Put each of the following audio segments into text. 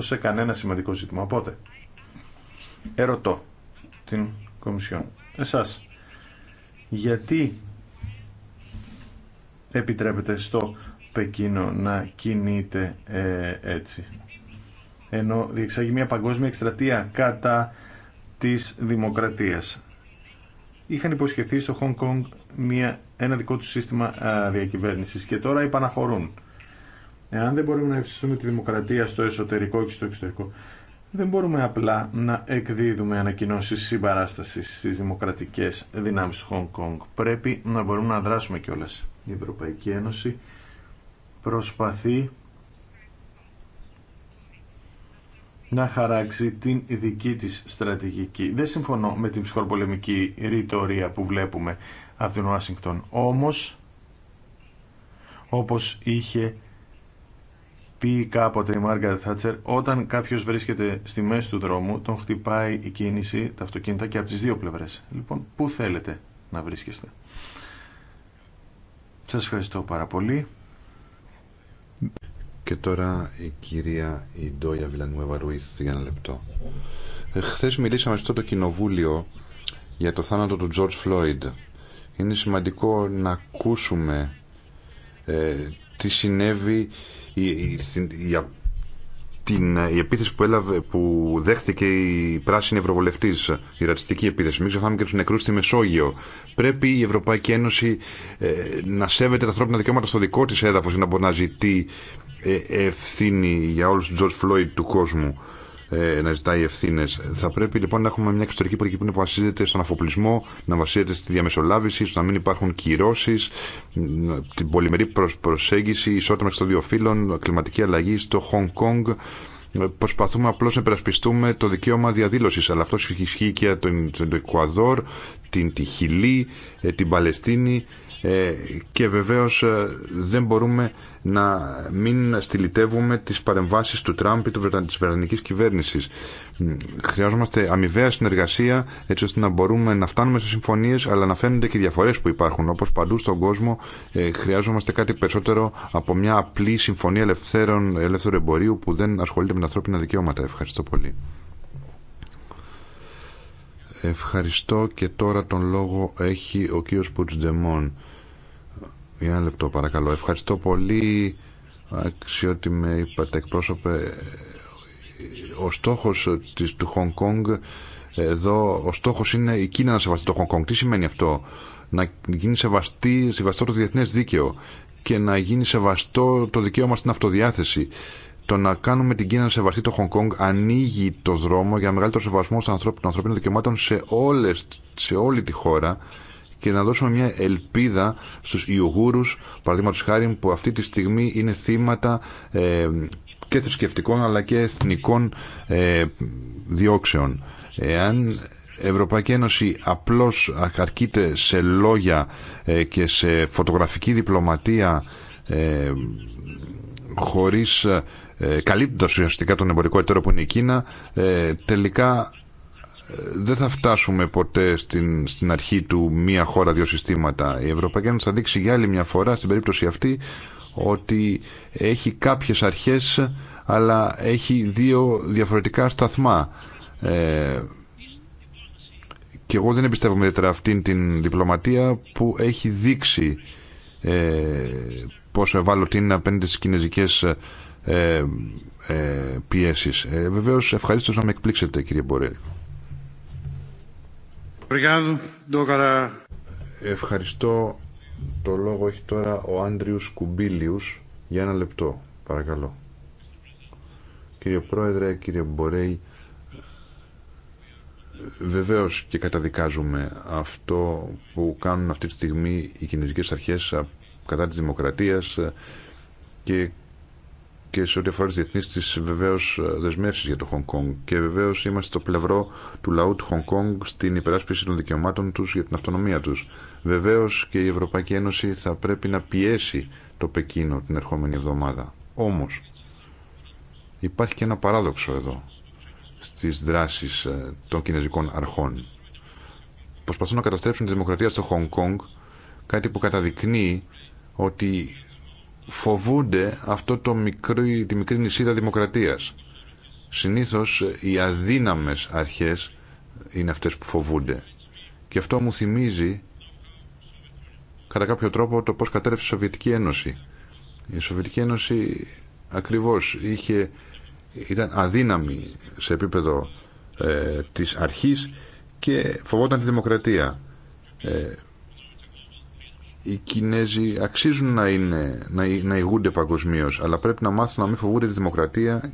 σε κανένα σημαντικό ζήτημα. Οπότε, ερωτώ την Κομισιόν, εσάς, γιατί επιτρέπετε στο Πεκίνο να κινείτε έτσι, ενώ διεξάγει μια παγκόσμια εκστρατεία κατά της δημοκρατίας. Είχαν υποσχεθεί στο Χονγκ Κονγκ ένα δικό του σύστημα διακυβέρνησης και τώρα υπαναχωρούν. Εάν δεν μπορούμε να ευσυστούμε τη δημοκρατία στο εσωτερικό και στο εξωτερικό, δεν μπορούμε απλά να εκδίδουμε ανακοινώσει συμπαράσταση στι δημοκρατικέ δυνάμει του Χονγκ Κονγκ. Πρέπει να μπορούμε να δράσουμε κιόλα. Η Ευρωπαϊκή Ένωση προσπαθεί να χαράξει την δική της στρατηγική. Δεν συμφωνώ με την ψυχοπολεμική ρητορία που βλέπουμε από την Ουάσιγκτον. Όμως, όπως είχε πει κάποτε η Μάργαρετ Θάτσερ, όταν κάποιο βρίσκεται στη μέση του δρόμου, τον χτυπάει η κίνηση, τα αυτοκίνητα και από τις δύο πλευρές. Λοιπόν, πού θέλετε να βρίσκεστε. Σας ευχαριστώ πάρα πολύ. Και τώρα η κυρία Ιντόια Βιλανουέβα Ρουίθ για ένα λεπτό. Χθε μιλήσαμε στο το κοινοβούλιο για το θάνατο του George Floyd. Είναι σημαντικό να ακούσουμε ε, τι συνέβη η, η, την, η επίθεση που, έλαβε, που δέχτηκε η πράσινη ευρωβουλευτή, η ρατσιστική επίθεση. Μην ξεχνάμε και του νεκρού στη Μεσόγειο. Πρέπει η Ευρωπαϊκή Ένωση ε, να σέβεται τα ανθρώπινα δικαιώματα στο δικό τη έδαφο για να μπορεί να ζητεί ε, ευθύνη για όλου του Τζορτ Φλόιντ του κόσμου. Ε, να ζητάει ευθύνε. Θα πρέπει λοιπόν να έχουμε μια εξωτερική πολιτική που βασίζεται στον αφοπλισμό, να βασίζεται στη διαμεσολάβηση, στο να μην υπάρχουν κυρώσει, την πολυμερή προσέγγιση, ισότητα μεταξύ των δύο φύλων, κλιματική αλλαγή στο Χονγκ Κόνγκ. Προσπαθούμε απλώ να υπερασπιστούμε το δικαίωμα διαδήλωση, αλλά αυτό ισχύει και για το Εκουαδόρ, την Χιλή, ε, την Παλαιστίνη ε, και βεβαίως ε, δεν μπορούμε να μην στυλιτεύουμε τις παρεμβάσεις του Τραμπ ή της Βρετανικής κυβέρνησης. Χρειάζομαστε αμοιβαία συνεργασία έτσι ώστε να μπορούμε να φτάνουμε σε συμφωνίες αλλά να φαίνονται και οι διαφορές που υπάρχουν. Όπως παντού στον κόσμο ε, χρειάζομαστε κάτι περισσότερο από μια απλή συμφωνία ελευθέρων, ελεύθερου εμπορίου που δεν ασχολείται με τα ανθρώπινα δικαιώματα. Ευχαριστώ πολύ. Ευχαριστώ και τώρα τον λόγο έχει ο κύριος Πουτζντεμόν. Μια λεπτό παρακαλώ. Ευχαριστώ πολύ αξιότιμε είπατε εκπρόσωπε. Ο στόχος της, του Χονγκ Κόνγκ εδώ, ο στόχος είναι η Κίνα να σεβαστεί το Χονγκ Κόνγκ. Τι σημαίνει αυτό. Να γίνει σεβαστή, σεβαστό το διεθνές δίκαιο και να γίνει σεβαστό το δικαίωμα στην αυτοδιάθεση. Το να κάνουμε την Κίνα να σεβαστεί το Χονγκ ανοίγει το δρόμο για μεγαλύτερο σεβασμό των ανθρώπινων δικαιωμάτων σε, όλες, σε όλη τη χώρα και να δώσουμε μια ελπίδα στους Ιουγούρους, παραδείγματος χάρη που αυτή τη στιγμή είναι θύματα ε, και θρησκευτικών αλλά και εθνικών ε, διώξεων. Εάν Ευρωπαϊκή Ένωση απλώς αρκείται σε λόγια ε, και σε φωτογραφική διπλωματία ε, χωρίς ε, καλύπτοντας ουσιαστικά τον εμπορικό εταίρο που είναι η Κίνα ε, τελικά δεν θα φτάσουμε ποτέ στην, στην αρχή του μία χώρα, δύο συστήματα. Η Ευρωπαϊκή Ένωση θα δείξει για άλλη μια φορά στην περίπτωση αυτή ότι έχει κάποιες αρχές αλλά έχει δύο διαφορετικά σταθμά. Ε, και εγώ δεν εμπιστεύομαι ιδιαίτερα αυτήν την διπλωματία που έχει δείξει ε, πόσο ευάλωτη είναι απέναντι στις κινέζικες ε, ε, πιέσεις. Ε, βεβαίως ευχαρίστως να με εκπλήξετε κύριε Μπορέλη. Ευχαριστώ. Το λόγο έχει τώρα ο Άντριους Κουμπίλιους για ένα λεπτό. Παρακαλώ. Κύριε Πρόεδρε, κύριε Μπορέη, βεβαίως και καταδικάζουμε αυτό που κάνουν αυτή τη στιγμή οι κινέζικες αρχές κατά της δημοκρατίας ε, και και σε ό,τι αφορά τι διεθνεί τη βεβαίω ε, δεσμεύσει για το Χονγκ Κονγκ. Και βεβαίω είμαστε στο πλευρό του λαού του Χονγκ Κονγκ στην υπεράσπιση των δικαιωμάτων του για την αυτονομία του. Βεβαίω και η Ευρωπαϊκή Ένωση θα πρέπει να πιέσει το Πεκίνο την ερχόμενη εβδομάδα. Όμω υπάρχει και ένα παράδοξο εδώ στι δράσει ε, των κινέζικων αρχών. Προσπαθούν να καταστρέψουν τη δημοκρατία στο Χονγκ Κονγκ, κάτι που καταδεικνύει ότι φοβούνται αυτό το μικρό, τη μικρή νησίδα δημοκρατίας. Συνήθως οι αδύναμες αρχές είναι αυτές που φοβούνται. Και αυτό μου θυμίζει κατά κάποιο τρόπο το πώς κατέρευσε η Σοβιετική Ένωση. Η Σοβιετική Ένωση ακριβώς είχε, ήταν αδύναμη σε επίπεδο ε, της αρχής και φοβόταν τη δημοκρατία. Ε, οι Κινέζοι αξίζουν να, είναι, να, να ηγούνται παγκοσμίω, αλλά πρέπει να μάθουν να μην φοβούνται τη δημοκρατία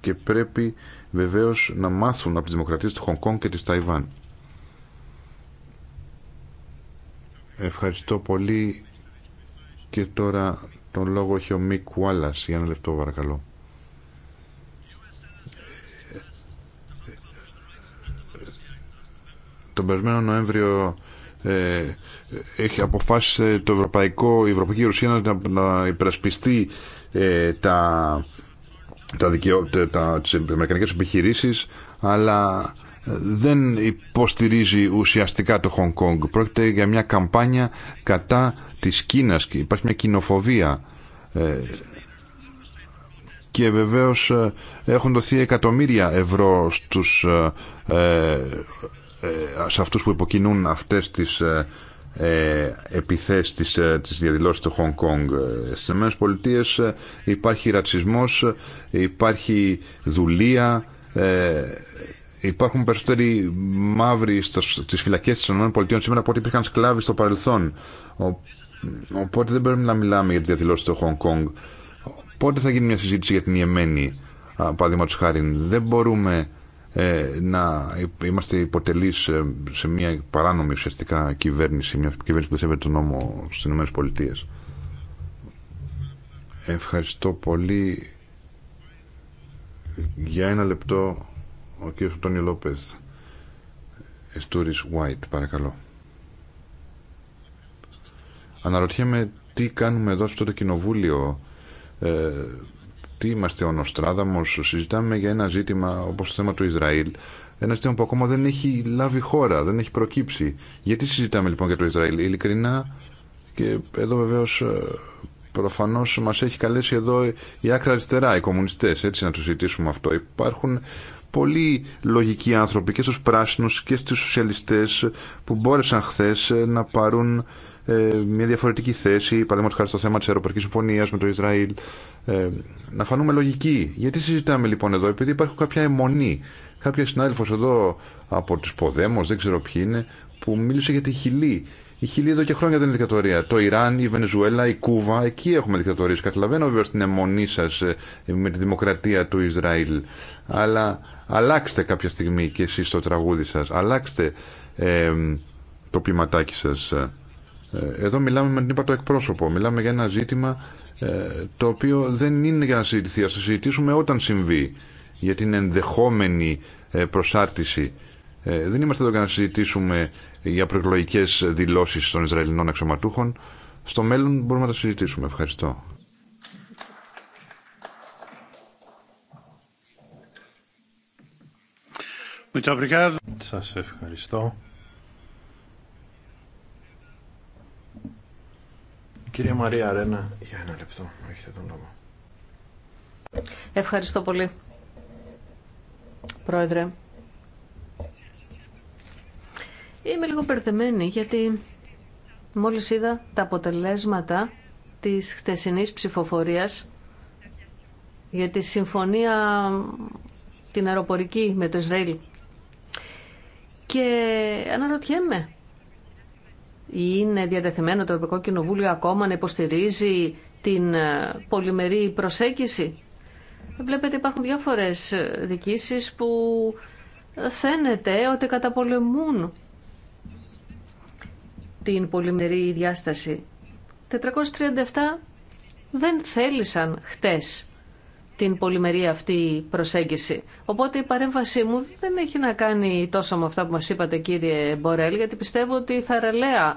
και πρέπει βεβαίω να μάθουν από τι δημοκρατίε του Κόνγκ και τη Ταϊβάν. Ευχαριστώ πολύ και τώρα τον λόγο έχει ο Μικ Για ένα λεπτό παρακαλώ. Τον περσμένο Νοέμβριο ε, έχει αποφάσει το ευρωπαϊκό, η Ευρωπαϊκή Ρωσία να, να υπερασπιστεί ε, τα, τα, τα τις αλλά δεν υποστηρίζει ουσιαστικά το Χονγκ Κόνγκ. Πρόκειται για μια καμπάνια κατά της Κίνας και υπάρχει μια κοινοφοβία ε, και βεβαίως ε, έχουν δοθεί εκατομμύρια ευρώ στους ε, σε αυτούς που υποκινούν αυτές τις ε, ε επιθέσεις της, ε, της διαδηλώσεις του Χονγκ Κόνγκ. Στις ΗΠΑ υπάρχει ρατσισμός, υπάρχει δουλεία, ε, υπάρχουν περισσότεροι μαύροι στις φυλακές της ΗΠΑ σήμερα από ό,τι υπήρχαν σκλάβοι στο παρελθόν. Ο, οπότε δεν πρέπει να μιλάμε για τις διαδηλώσεις του Χονγκ Κόνγκ. Πότε θα γίνει μια συζήτηση για την Ιεμένη, παραδείγματος χάρη. Δεν μπορούμε ε, να είμαστε υποτελεί ε, σε μια παράνομη ουσιαστικά κυβέρνηση, μια κυβέρνηση που δεν σέβεται τον νόμο στι ΗΠΑ. Ευχαριστώ πολύ. Για ένα λεπτό ο κύριος Τόνι Λόπεθ. Εστούρης White, παρακαλώ. Αναρωτιέμαι τι κάνουμε εδώ στο το κοινοβούλιο ε, τι είμαστε ο Νοστράδαμος, συζητάμε για ένα ζήτημα όπως το θέμα του Ισραήλ, ένα ζήτημα που ακόμα δεν έχει λάβει χώρα, δεν έχει προκύψει. Γιατί συζητάμε λοιπόν για το Ισραήλ, ειλικρινά και εδώ βεβαίως ε, προφανώς μα έχει καλέσει εδώ η άκρα αριστερά, οι κομμουνιστές, έτσι να το συζητήσουμε αυτό. Υπάρχουν πολλοί λογικοί άνθρωποι και στου πράσινου και στου σοσιαλιστέ που μπόρεσαν χθε να πάρουν ε, μια διαφορετική θέση, παραδείγματο χάρη στο θέμα τη Ευρωπαϊκή Συμφωνία με το Ισραήλ. Ε, να φανούμε λογικοί. Γιατί συζητάμε λοιπόν εδώ, επειδή υπάρχουν κάποια αιμονή. Κάποια συνάδελφο εδώ από του Ποδέμου, δεν ξέρω ποιοι είναι, που μίλησε για τη Χιλή. Η Χιλή εδώ και χρόνια δεν είναι δικτατορία. Το Ιράν, η Βενεζουέλα, η Κούβα, εκεί έχουμε δικτατορίε. Καταλαβαίνω βέβαια στην αιμονή σα ε, με τη δημοκρατία του Ισραήλ. Αλλά αλλάξτε κάποια στιγμή κι εσεί το τραγούδι σα. Αλλάξτε ε, το ποιηματάκι σας ε, εδώ μιλάμε με την είπα το εκπρόσωπο. Μιλάμε για ένα ζήτημα ε, το οποίο δεν είναι για να συζητηθεί. Ας συζητήσουμε όταν συμβεί για την ενδεχόμενη ε, προσάρτηση. Δεν είμαστε εδώ για να συζητήσουμε για προεκλογικέ δηλώσεις των Ισραηλινών αξιωματούχων. Στο μέλλον μπορούμε να τα συζητήσουμε. Ευχαριστώ. ευχαριστώ. Κυρία Μαρία Αρένα, για ένα λεπτό, έχετε τον λόγο. Ευχαριστώ πολύ, Πρόεδρε. Είμαι λίγο περδεμένη γιατί μόλις είδα τα αποτελέσματα της χτεσινής ψηφοφορίας για τη συμφωνία την αεροπορική με το Ισραήλ. Και αναρωτιέμαι είναι διατεθειμένο το Ευρωπαϊκό Κοινοβούλιο ακόμα να υποστηρίζει την ε, πολυμερή προσέγγιση. Βλέπετε υπάρχουν διάφορες ε, δικήσεις που ε, φαίνεται ότι καταπολεμούν την πολυμερή διάσταση. 437 δεν θέλησαν χτες την πολυμερή αυτή προσέγγιση. Οπότε η παρέμβασή μου δεν έχει να κάνει τόσο με αυτά που μας είπατε κύριε Μπορέλ, γιατί πιστεύω ότι θαραλέα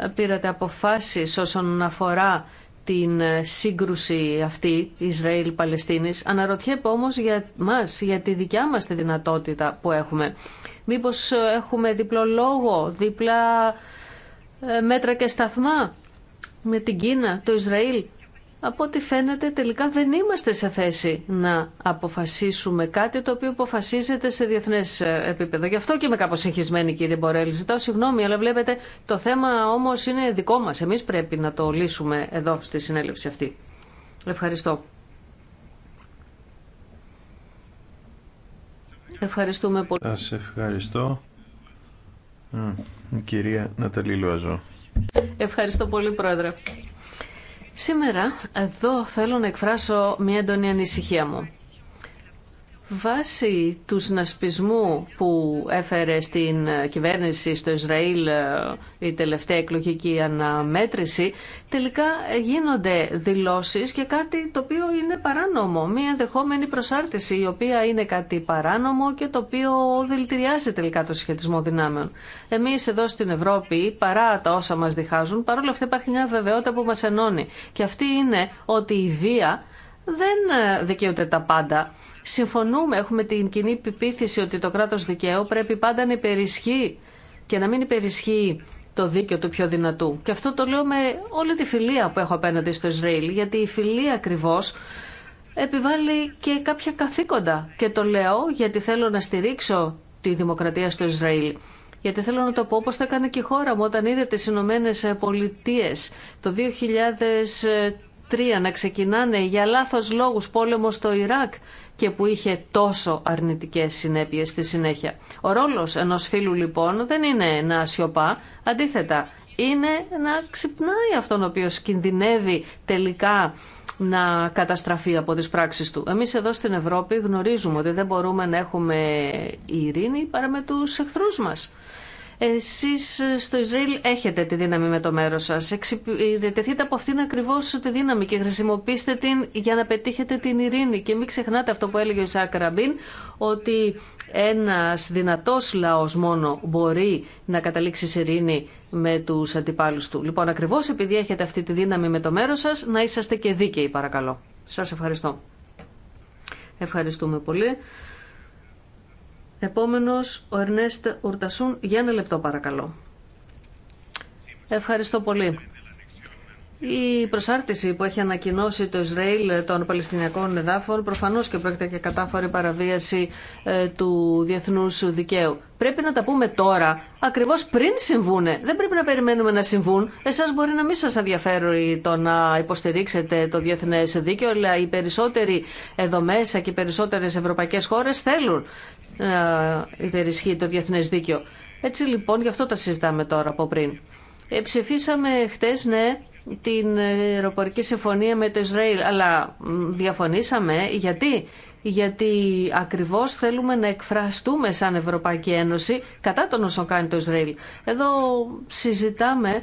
ε, πήρατε αποφάσεις όσον αφορά την ε, σύγκρουση αυτή Ισραήλ-Παλαιστίνης. Αναρωτιέμαι όμως για μας, για τη δικιά μας τη δυνατότητα που έχουμε. Μήπως ε, έχουμε διπλό λόγο, δίπλα μέτρα και σταθμά με την Κίνα, το Ισραήλ από ό,τι φαίνεται τελικά δεν είμαστε σε θέση να αποφασίσουμε κάτι το οποίο αποφασίζεται σε διεθνές ε, επίπεδο. Γι' αυτό και είμαι κάπως συγχυσμένη κύριε Μπορέλ. Ζητάω συγγνώμη, αλλά βλέπετε το θέμα όμως είναι δικό μας. Εμείς πρέπει να το λύσουμε εδώ στη συνέλευση αυτή. Ευχαριστώ. Ευχαριστούμε πολύ. Σας ευχαριστώ. Κυρία Ναταλή Λουαζό. Ευχαριστώ πολύ, Πρόεδρε. Σήμερα εδώ θέλω να εκφράσω μια έντονη ανησυχία μου. Βάσει του συνασπισμού που έφερε στην κυβέρνηση στο Ισραήλ ε, η τελευταία εκλογική αναμέτρηση, τελικά γίνονται δηλώσεις και κάτι το οποίο είναι παράνομο, μια ενδεχόμενη προσάρτηση η οποία είναι κάτι παράνομο και το οποίο δηλητηριάζει τελικά το σχετισμό δυνάμεων. Εμείς εδώ στην Ευρώπη, παρά τα όσα μας διχάζουν, παρόλα αυτά υπάρχει μια βεβαιότητα που μας ενώνει και αυτή είναι ότι η βία δεν ε, δικαιούται τα πάντα συμφωνούμε, έχουμε την κοινή πεποίθηση ότι το κράτος δικαίου πρέπει πάντα να υπερισχύει και να μην υπερισχύει το δίκαιο του πιο δυνατού. Και αυτό το λέω με όλη τη φιλία που έχω απέναντι στο Ισραήλ, γιατί η φιλία ακριβώς επιβάλλει και κάποια καθήκοντα. Και το λέω γιατί θέλω να στηρίξω τη δημοκρατία στο Ισραήλ. Γιατί θέλω να το πω όπως το έκανε και η χώρα μου όταν είδε τις Ηνωμένε Πολιτείε το να ξεκινάνε για λάθος λόγους πόλεμο στο Ιράκ και που είχε τόσο αρνητικές συνέπειες στη συνέχεια. Ο ρόλος ενός φίλου λοιπόν δεν είναι να σιωπά, αντίθετα είναι να ξυπνάει αυτόν ο οποίος κινδυνεύει τελικά να καταστραφεί από τις πράξεις του. Εμείς εδώ στην Ευρώπη γνωρίζουμε ότι δεν μπορούμε να έχουμε ειρήνη παρά με τους εχθρούς μας. Εσείς στο Ισραήλ έχετε τη δύναμη με το μέρος σας. Εξυπηρετηθείτε από αυτήν ακριβώς τη δύναμη και χρησιμοποιήστε την για να πετύχετε την ειρήνη. Και μην ξεχνάτε αυτό που έλεγε ο Ισάκ Ραμπίν, ότι ένας δυνατός λαός μόνο μπορεί να καταλήξει σε ειρήνη με τους αντιπάλους του. Λοιπόν, ακριβώς επειδή έχετε αυτή τη δύναμη με το μέρο σας, να είσαστε και δίκαιοι παρακαλώ. Σας ευχαριστώ. Ευχαριστούμε πολύ. Επόμενο, ο Ερνέστ Ουρτασούν, για ένα λεπτό παρακαλώ. Ευχαριστώ πολύ. Η προσάρτηση που έχει ανακοινώσει το Ισραήλ των Παλαιστινιακών εδάφων προφανώ και πρόκειται για κατάφορη παραβίαση ε, του διεθνού δικαίου. Πρέπει να τα πούμε τώρα, Ακριβώ πριν συμβούνε. Δεν πρέπει να περιμένουμε να συμβούν. Εσά μπορεί να μην σα ενδιαφέρει το να υποστηρίξετε το διεθνέ δίκαιο, αλλά οι περισσότεροι εδώ μέσα και οι περισσότερε ευρωπαϊκέ χώρε θέλουν. Ε, υπερισχύει το διεθνέ δίκαιο. Έτσι λοιπόν, γι' αυτό τα συζητάμε τώρα από πριν. Ε, ψηφίσαμε χτες, ναι, την αεροπορική συμφωνία με το Ισραήλ, αλλά διαφωνήσαμε γιατί γιατί ακριβώς θέλουμε να εκφραστούμε σαν Ευρωπαϊκή Ένωση κατά τον όσο κάνει το Ισραήλ. Εδώ συζητάμε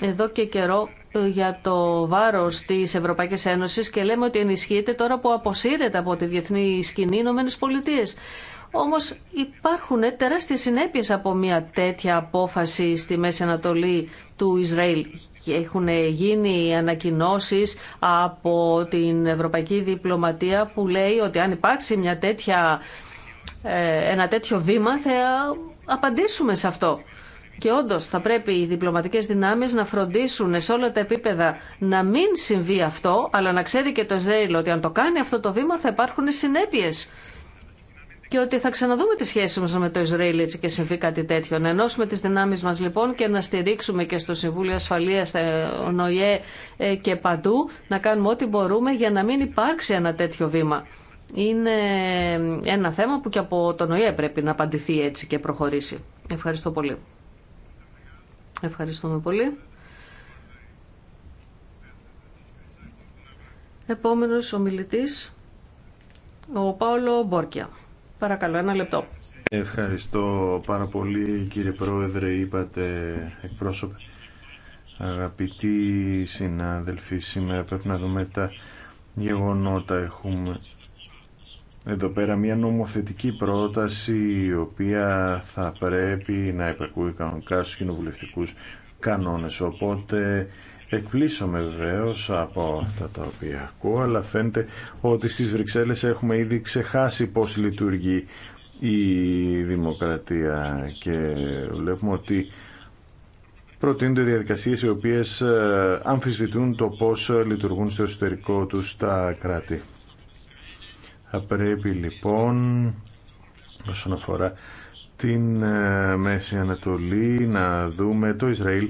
εδώ και καιρό ε, για το βάρος της Ευρωπαϊκής Ένωσης και λέμε ότι ενισχύεται τώρα που αποσύρεται από τη διεθνή σκηνή Ηνωμένες όμως υπάρχουν τεράστιες συνέπειες από μια τέτοια απόφαση στη Μέση Ανατολή του Ισραήλ. Έχουν γίνει ανακοινώσεις από την Ευρωπαϊκή Διπλωματία που λέει ότι αν υπάρξει μια τέτοια, ε, ένα τέτοιο βήμα θα απαντήσουμε σε αυτό. Και όντω θα πρέπει οι διπλωματικέ δυνάμει να φροντίσουν σε όλα τα επίπεδα να μην συμβεί αυτό, αλλά να ξέρει και το Ισραήλ ότι αν το κάνει αυτό το βήμα θα υπάρχουν συνέπειε και ότι θα ξαναδούμε τις σχέσεις μας με το Ισραήλ έτσι και συμβεί κάτι τέτοιο. Να ενώσουμε τις δυνάμεις μας λοιπόν και να στηρίξουμε και στο Συμβούλιο Ασφαλείας, στα ε, ΝΟΙΕ ε, και παντού, να κάνουμε ό,τι μπορούμε για να μην υπάρξει ένα τέτοιο βήμα. Είναι ένα θέμα που και από το ΝΟΙΕ πρέπει να απαντηθεί έτσι και προχωρήσει. Ευχαριστώ πολύ. Ευχαριστούμε πολύ. Επόμενος ομιλητής, ο Πάολο Μπόρκια. Παρακαλώ, ένα λεπτό. Ευχαριστώ πάρα πολύ κύριε Πρόεδρε, είπατε εκπρόσωπε. Αγαπητοί συνάδελφοι, σήμερα πρέπει να δούμε τα γεγονότα. Έχουμε εδώ πέρα μια νομοθετική πρόταση η οποία θα πρέπει να υπακούει κανονικά στους κοινοβουλευτικούς κανόνες. Οπότε με βεβαίω από αυτά τα οποία ακούω, αλλά φαίνεται ότι στις Βρυξέλλες έχουμε ήδη ξεχάσει πώς λειτουργεί η δημοκρατία και βλέπουμε ότι προτείνονται διαδικασίες οι οποίες ε, αμφισβητούν το πώς λειτουργούν στο εσωτερικό τους τα κράτη. Θα πρέπει λοιπόν όσον αφορά την ε, Μέση Ανατολή να δούμε το Ισραήλ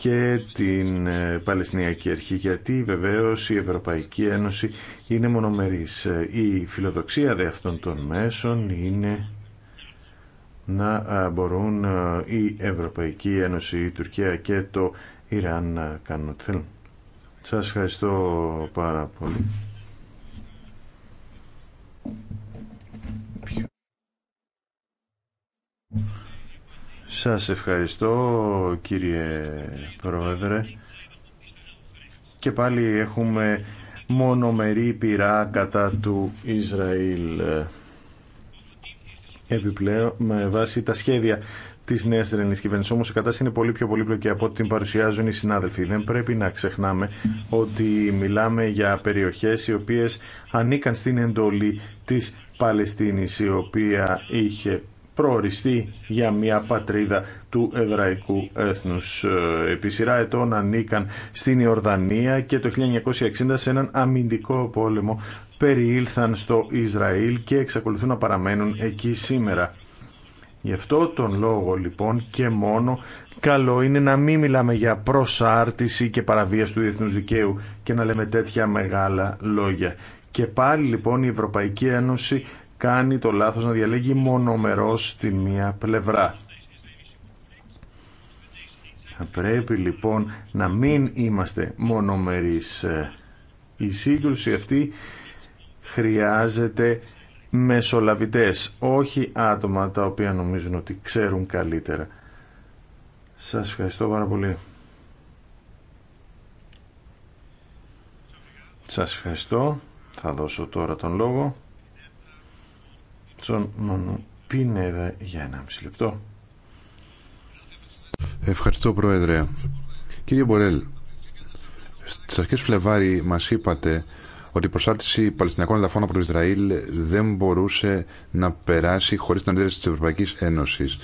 και την ε, Παλαιστινιακή Αρχή γιατί βεβαίως η Ευρωπαϊκή Ένωση είναι μονομερής. Ε, η φιλοδοξία δε αυτών των μέσων είναι να ε, μπορούν η Ευρωπαϊκή Ένωση, η Τουρκία και το Ιράν να κάνουν ό,τι θέλουν. Σας ευχαριστώ πάρα πολύ. Σας ευχαριστώ κύριε Πρόεδρε. Και πάλι έχουμε μονομερή πειρά κατά του Ισραήλ. Επιπλέον, με βάση τα σχέδια τη νέα Ελληνική κυβέρνηση. Όμω η κατάσταση είναι πολύ πιο πολύπλοκη από ό,τι την παρουσιάζουν οι συνάδελφοι. Δεν πρέπει να ξεχνάμε ότι μιλάμε για περιοχέ οι οποίε ανήκαν στην εντολή τη Παλαιστίνη, η οποία είχε προοριστεί για μια πατρίδα του εβραϊκού έθνους. Ε, επί σειρά ετών ανήκαν στην Ιορδανία και το 1960 σε έναν αμυντικό πόλεμο περιήλθαν στο Ισραήλ και εξακολουθούν να παραμένουν εκεί σήμερα. Γι' αυτό τον λόγο λοιπόν και μόνο καλό είναι να μην μιλάμε για προσάρτηση και παραβίαση του διεθνούς δικαίου και να λέμε τέτοια μεγάλα λόγια. Και πάλι λοιπόν η Ευρωπαϊκή Ένωση κάνει το λάθος να διαλέγει μονομερός τη μία πλευρά. Θα πρέπει λοιπόν να μην είμαστε μονομερείς. Ε, η σύγκρουση αυτή χρειάζεται μεσολαβητές, όχι άτομα τα οποία νομίζουν ότι ξέρουν καλύτερα. Σας ευχαριστώ πάρα πολύ. Σας ευχαριστώ. Θα δώσω τώρα τον λόγο στον Μονού Πίνεδα για ένα μισή λεπτό. Ευχαριστώ Πρόεδρε. Κύριε Μπορέλ, στις αρχές Φλεβάρη μας είπατε ότι η προσάρτηση Παλαιστινιακών εδαφών από το Ισραήλ δεν μπορούσε να περάσει χωρίς την αντίδραση της Ευρωπαϊκής Ένωσης.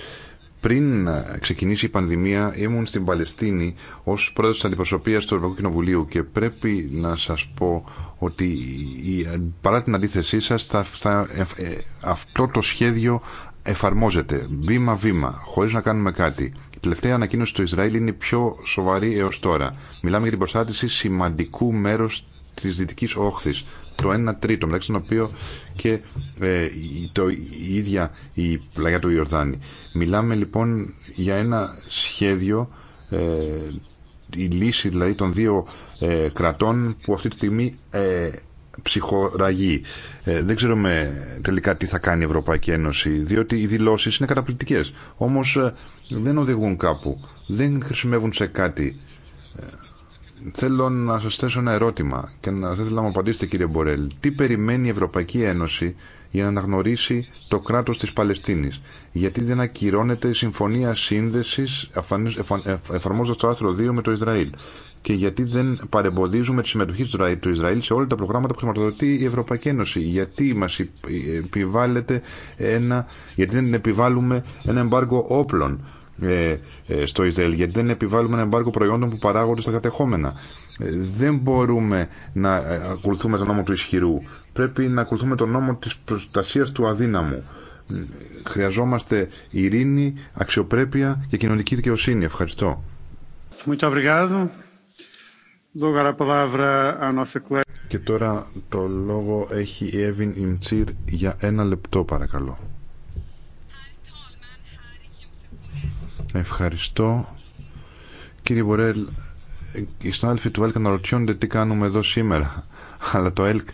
Πριν ξεκινήσει η πανδημία ήμουν στην Παλαιστίνη ως πρόεδρος της αντιπροσωπείας του Ευρωπαϊκού Κοινοβουλίου και πρέπει να σας πω ότι παρά την αντίθεσή σας θα, ε, ε, αυτό το σχέδιο εφαρμόζεται βήμα-βήμα χωρίς να κάνουμε κάτι. Η τελευταία ανακοίνωση του Ισραήλ είναι πιο σοβαρή έως τώρα. Μιλάμε για την προστάτηση σημαντικού μέρους Τη δυτική όχθη, το 1 τρίτο μεταξύ των οποίων και ε, η ίδια η πλαγιά του Ιορδάνη μιλάμε λοιπόν για ένα σχέδιο ε, η λύση δηλαδή των δύο ε, κρατών που αυτή τη στιγμή ε, ψυχοραγεί. Ε, δεν ξέρουμε τελικά τι θα κάνει η Ευρωπαϊκή Ένωση, διότι οι δηλώσει είναι καταπληκτικέ. όμως δεν οδηγούν κάπου, δεν χρησιμεύουν σε κάτι. Θέλω να σα θέσω ένα ερώτημα και να θα ήθελα να μου απαντήσετε κύριε Μπορέλ. Τι περιμένει η Ευρωπαϊκή Ένωση για να αναγνωρίσει το κράτο τη Παλαιστίνης. Γιατί δεν ακυρώνεται η συμφωνία σύνδεση εφαρμόζοντα το άρθρο 2 με το Ισραήλ. Και γιατί δεν παρεμποδίζουμε τη συμμετοχή του Ισραήλ σε όλα τα προγράμματα που χρηματοδοτεί η Ευρωπαϊκή Ένωση. Γιατί μα επιβάλλεται ένα, γιατί δεν επιβάλλουμε ένα εμπάργκο όπλων ε, ε, στο Ισραήλ, γιατί δεν επιβάλλουμε ένα εμπάρκο προϊόντων που παράγονται στα κατεχόμενα. Ε, δεν μπορούμε να ακολουθούμε τον νόμο του ισχυρού. Πρέπει να ακολουθούμε τον νόμο της προστασίας του αδύναμου. Χρειαζόμαστε ειρήνη, αξιοπρέπεια και κοινωνική δικαιοσύνη. Ευχαριστώ. Και τώρα το λόγο έχει η Εύην Ιμτσίρ για ένα λεπτό παρακαλώ. Ευχαριστώ. Κύριε Μπορέλ, οι συνάδελφοι του ΕΛΚ αναρωτιούνται τι κάνουμε εδώ σήμερα. Αλλά το ΕΛΚ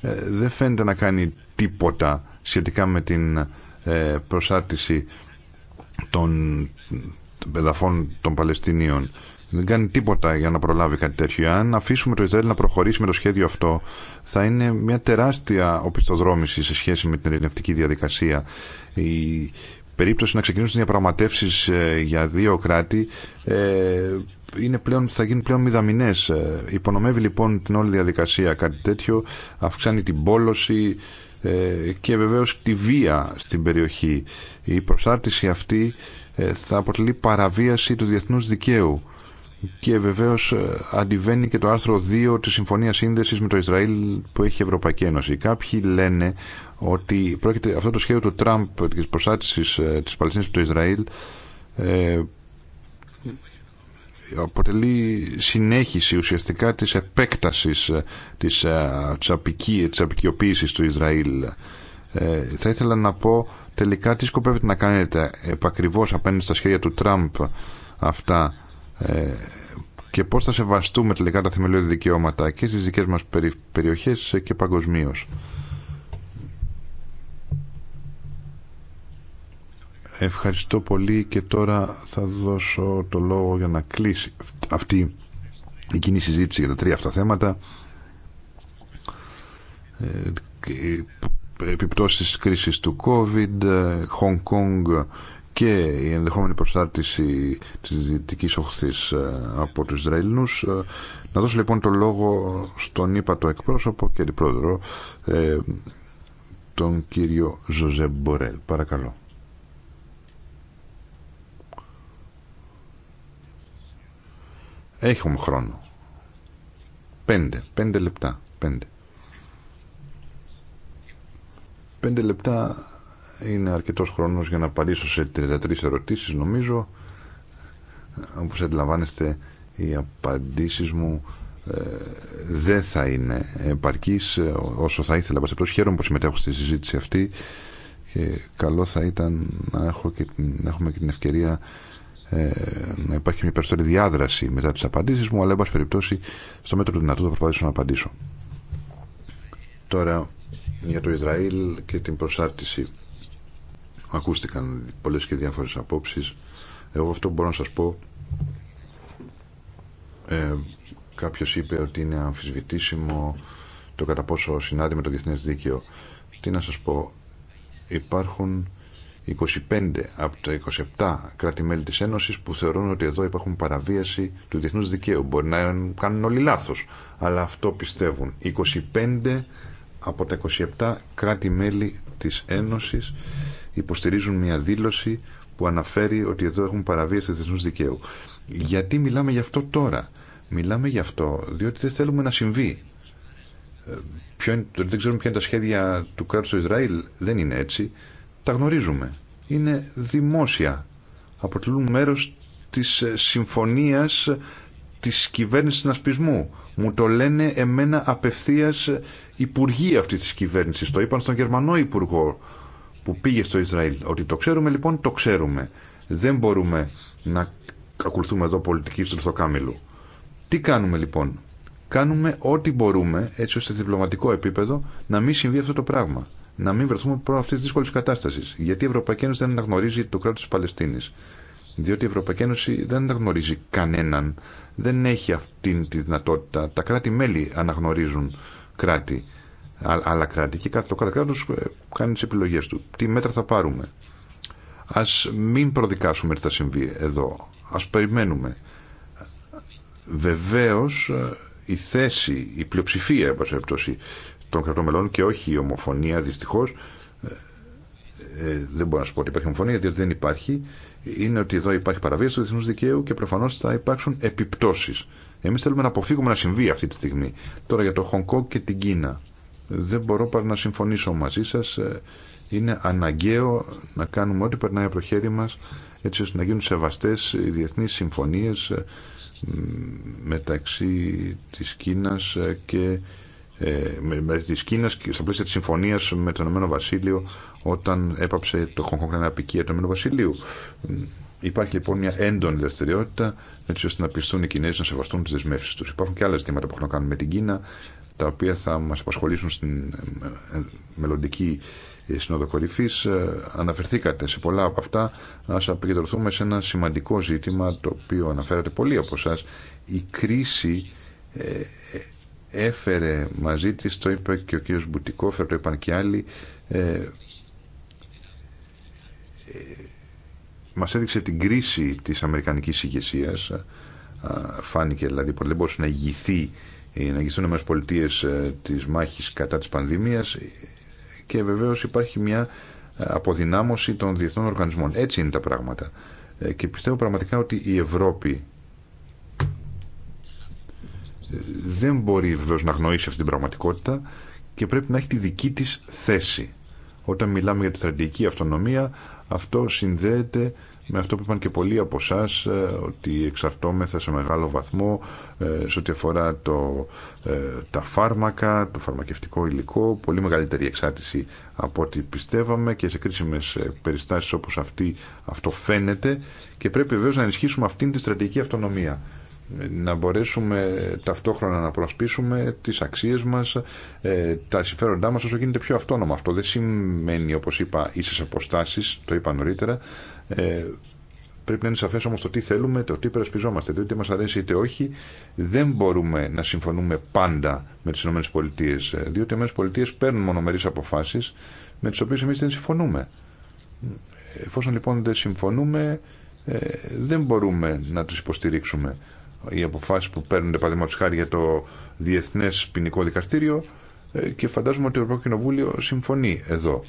ε, δεν φαίνεται να κάνει τίποτα σχετικά με την ε, προσάρτηση των πεδαφών των Παλαιστινίων. Δεν κάνει τίποτα για να προλάβει κάτι τέτοιο. Αν αφήσουμε το Ισραήλ να προχωρήσει με το σχέδιο αυτό, θα είναι μια τεράστια οπισθοδρόμηση σε σχέση με την ειρηνευτική διαδικασία. Η περίπτωση να ξεκινήσουν διαπραγματεύσει ε, για δύο κράτη ε, είναι πλέον, θα γίνουν πλέον μηδαμινέ. Ε, υπονομεύει λοιπόν την όλη διαδικασία κάτι τέτοιο, αυξάνει την πόλωση και βεβαίως τη βία στην περιοχή. Η προσάρτηση αυτή θα αποτελεί παραβίαση του διεθνούς δικαίου και βεβαίως αντιβαίνει και το άρθρο 2 της Συμφωνίας Σύνδεσης με το Ισραήλ που έχει η Ευρωπαϊκή Ένωση. Κάποιοι λένε ότι πρόκειται αυτό το σχέδιο του Τραμπ της τη ε, της του Ισραήλ ε, αποτελεί συνέχιση ουσιαστικά της επέκτασης ε, της, ε, της, του Ισραήλ. θα ήθελα να πω τελικά τι σκοπεύετε να κάνετε επακριβώς απέναντι στα σχέδια του Τραμπ αυτά ε, και πώς θα σεβαστούμε τελικά τα θεμελιώδη δικαιώματα και στις δικές μας περιοχές και παγκοσμίω. Ευχαριστώ πολύ και τώρα θα δώσω το λόγο για να κλείσει αυτή η κοινή συζήτηση για τα τρία αυτά θέματα. Ε, επιπτώσεις της κρίσης του COVID, ε, Hong Kong και η ενδεχόμενη προστάτηση της δυτικής οχθής ε, από τους Ισραηλινούς. Να δώσω λοιπόν το λόγο στον το εκπρόσωπο και αντιπρόεδρο, τον κύριο Ζωζέ Μπορέλ. Παρακαλώ. Έχουμε χρόνο. Πέντε. Πέντε λεπτά. Πέντε. Πέντε λεπτά είναι αρκετός χρόνος για να απαντήσω σε 33 ερωτήσεις νομίζω. Όπως αντιλαμβάνεστε οι απαντήσεις μου ε, δεν θα είναι επαρκής ε, όσο θα ήθελα. Πασεπτός χαίρομαι που συμμετέχω στη συζήτηση αυτή και καλό θα ήταν να, έχω και να έχουμε και την ευκαιρία ε, να υπάρχει μια περισσότερη διάδραση μετά τις απαντήσεις μου αλλά εν πάση περιπτώσει στο μέτρο του δυνατού θα προσπαθήσω να απαντήσω τώρα για το Ισραήλ και την προσάρτηση ακούστηκαν πολλές και διάφορες απόψεις εγώ αυτό μπορώ να σας πω ε, κάποιος είπε ότι είναι αμφισβητήσιμο το κατά πόσο συνάδει με το διεθνές δίκαιο τι να σας πω υπάρχουν 25 από τα 27 κράτη-μέλη της Ένωσης που θεωρούν ότι εδώ υπάρχουν παραβίαση του διεθνούς δικαίου. Μπορεί να κάνουν όλοι λάθος, αλλά αυτό πιστεύουν. 25 από τα 27 κράτη-μέλη της Ένωσης υποστηρίζουν μια δήλωση που αναφέρει ότι εδώ έχουν παραβίαση του διεθνούς δικαίου. Γιατί μιλάμε γι' αυτό τώρα. Μιλάμε γι' αυτό διότι δεν θέλουμε να συμβεί. Ε, δεν ξέρουμε ποια είναι τα σχέδια του κράτους του Ισραήλ. Δεν είναι έτσι τα γνωρίζουμε. Είναι δημόσια. Αποτελούν μέρος της ε, συμφωνίας της κυβέρνησης συνασπισμού. Μου το λένε εμένα απευθείας υπουργοί αυτής της κυβέρνησης. Το είπαν στον Γερμανό υπουργό που πήγε στο Ισραήλ. Ότι το ξέρουμε λοιπόν, το ξέρουμε. Δεν μπορούμε να ακολουθούμε εδώ πολιτική στρουθοκάμιλου. Τι κάνουμε λοιπόν. Κάνουμε ό,τι μπορούμε έτσι ώστε διπλωματικό επίπεδο να μην συμβεί αυτό το πράγμα να μην βρεθούμε προ αυτή τη δύσκολη κατάσταση. Γιατί η Ευρωπαϊκή Ένωση δεν αναγνωρίζει το κράτο τη Παλαιστίνη. Διότι η Ευρωπαϊκή Ένωση δεν αναγνωρίζει κανέναν. Δεν έχει αυτή τη δυνατότητα. Τα κράτη-μέλη αναγνωρίζουν κράτη, άλλα κράτη. Και το κάθε κράτο ε, κάνει τι επιλογέ του. Τι μέτρα θα πάρουμε. Α μην προδικάσουμε τι θα συμβεί εδώ. Α περιμένουμε. Βεβαίω ε, η θέση, η πλειοψηφία, εν των κρατών μελών και όχι η ομοφωνία Δυστυχώ ε, ε, δεν μπορώ να σου πω ότι υπάρχει ομοφωνία διότι δεν υπάρχει είναι ότι εδώ υπάρχει παραβίαση του διεθνού δικαίου και προφανώ θα υπάρξουν επιπτώσει. Εμεί θέλουμε να αποφύγουμε να συμβεί αυτή τη στιγμή τώρα για το Χονκό και την Κίνα δεν μπορώ παρά να συμφωνήσω μαζί σας ε, είναι αναγκαίο να κάνουμε ό,τι περνάει από το χέρι μας έτσι ώστε να γίνουν σεβαστές οι διεθνεί συμφωνίε ε, μεταξύ της Κίνας και ε, με, με της Κίνας και στα πλαίσια της συμφωνίας με το Ηνωμένο Βασίλειο όταν έπαψε το Χονγκ να του Ηνωμένου Βασιλείου. Υπάρχει λοιπόν μια έντονη δραστηριότητα έτσι ώστε να πιστούν οι Κινέζοι να σεβαστούν τι δεσμεύσει του. Υπάρχουν και άλλα ζητήματα που έχουν να κάνουν με την Κίνα, τα οποία θα μα απασχολήσουν στην ε, μελλοντική ε, Σύνοδο Κορυφή. Αναφερθήκατε σε πολλά από αυτά. Α επικεντρωθούμε σε ένα σημαντικό ζήτημα το οποίο αναφέρατε πολλοί από εσά. Η κρίση έφερε μαζί της, το είπε και ο κ. Μπουτικόφερ, το είπαν και άλλοι, ε, ε, μας έδειξε την κρίση της αμερικανικής ηγεσία. Φάνηκε δηλαδή πως δεν μπορούσε να ηγηθεί ε, να ηγηθούν οι πολιτείες ε, της μάχης κατά της πανδημίας και βεβαίως υπάρχει μια αποδυνάμωση των διεθνών οργανισμών. Έτσι είναι τα πράγματα. Και πιστεύω πραγματικά ότι η Ευρώπη δεν μπορεί βεβαίως να γνωρίσει αυτή την πραγματικότητα και πρέπει να έχει τη δική της θέση. Όταν μιλάμε για τη στρατηγική αυτονομία, αυτό συνδέεται με αυτό που είπαν και πολλοί από εσά, ε, ότι εξαρτώμεθα σε μεγάλο βαθμό ε, σε ό,τι αφορά το, ε, τα φάρμακα, το φαρμακευτικό υλικό, πολύ μεγαλύτερη εξάρτηση από ό,τι πιστεύαμε και σε κρίσιμες περιστάσεις όπως αυτή αυτό φαίνεται και πρέπει βεβαίω να ενισχύσουμε αυτήν τη στρατηγική αυτονομία να μπορέσουμε ταυτόχρονα να προσπίσουμε τις αξίες μας, ε, τα συμφέροντά μας όσο γίνεται πιο αυτόνομα. Αυτό δεν σημαίνει, όπως είπα, ίσες αποστάσεις, το είπα νωρίτερα. Ε, πρέπει να είναι σαφές όμως το τι θέλουμε, το τι περασπιζόμαστε, το είτε μας αρέσει είτε όχι. Δεν μπορούμε να συμφωνούμε πάντα με τις ΗΠΑ, ε, διότι οι ΗΠΑ παίρνουν μονομερείς αποφάσεις με τις οποίες εμείς δεν συμφωνούμε. Εφόσον λοιπόν δεν συμφωνούμε, δεν μπορούμε να τους υποστηρίξουμε οι αποφάσει που παίρνουν παραδείγματο χάρη για το Διεθνέ Ποινικό Δικαστήριο ε, και φαντάζομαι ότι το Ευρωπαϊκό Κοινοβούλιο συμφωνεί εδώ.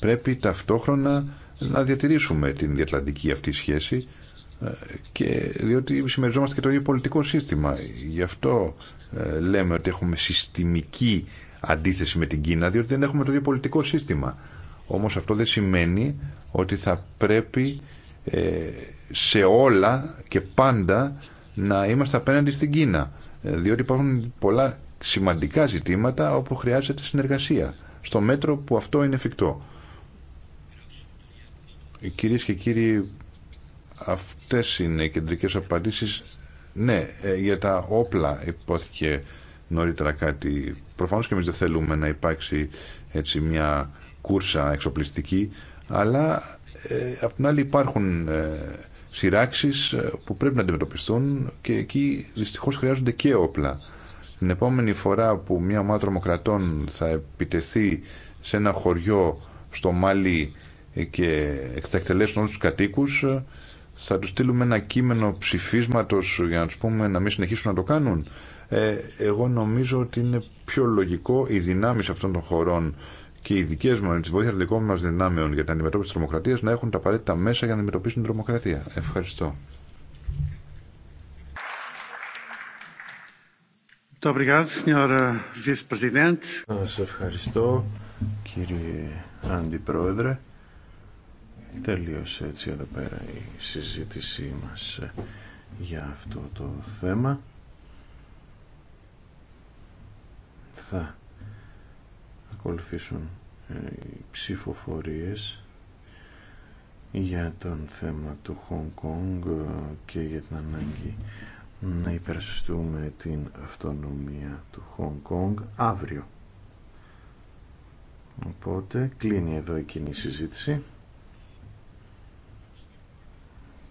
Πρέπει ταυτόχρονα να διατηρήσουμε την διατλαντική αυτή σχέση ε, και διότι συμμεριζόμαστε και το ίδιο πολιτικό σύστημα. Γι' αυτό ε, λέμε ότι έχουμε συστημική αντίθεση με την Κίνα, διότι δεν έχουμε το ίδιο πολιτικό σύστημα. Όμως αυτό δεν σημαίνει ότι θα πρέπει ε, σε όλα και πάντα να είμαστε απέναντι στην Κίνα. Ε, διότι υπάρχουν πολλά σημαντικά ζητήματα όπου χρειάζεται συνεργασία. Στο μέτρο που αυτό είναι εφικτό. Ε, κυρίες και κύριοι, αυτές είναι οι κεντρικές απαντήσεις. Ναι, για τα όπλα υπόθηκε νωρίτερα κάτι. Προφανώς και εμείς δεν θέλουμε να υπάρξει έτσι μια κούρσα εξοπλιστική, αλλά ε, απ' την άλλη υπάρχουν ε, σειράξεις ε, που πρέπει να αντιμετωπιστούν και εκεί δυστυχώς χρειάζονται και όπλα. Την επόμενη φορά που μια ομάδα τρομοκρατών θα επιτεθεί σε ένα χωριό στο Μάλι και θα εκτελέσουν όλους τους κατοίκους θα τους στείλουμε ένα κείμενο ψηφίσματος για να τους πούμε να μην συνεχίσουν να το κάνουν. Ε, εγώ νομίζω ότι είναι πιο λογικό οι δυνάμεις αυτών των χωρών και οι δικέ μα, τη βοήθεια των δικών μα δυνάμεων για την αντιμετώπιση τη τρομοκρατία να έχουν τα απαραίτητα μέσα για να αντιμετωπίσουν την τρομοκρατία. Ευχαριστώ. Eh, Σας ευχαριστώ κύριε Αντιπρόεδρε. Τελείωσε έτσι εδώ πέρα η συζήτησή μας ε, για αυτό το θέμα. Θα ακολουθήσουν οι ψηφοφορίες για τον θέμα του Χονγκ Κόνγκ και για την ανάγκη να υπερασπιστούμε την αυτονομία του Χονγκ Κόνγκ αύριο. Οπότε κλείνει εδώ η κοινή συζήτηση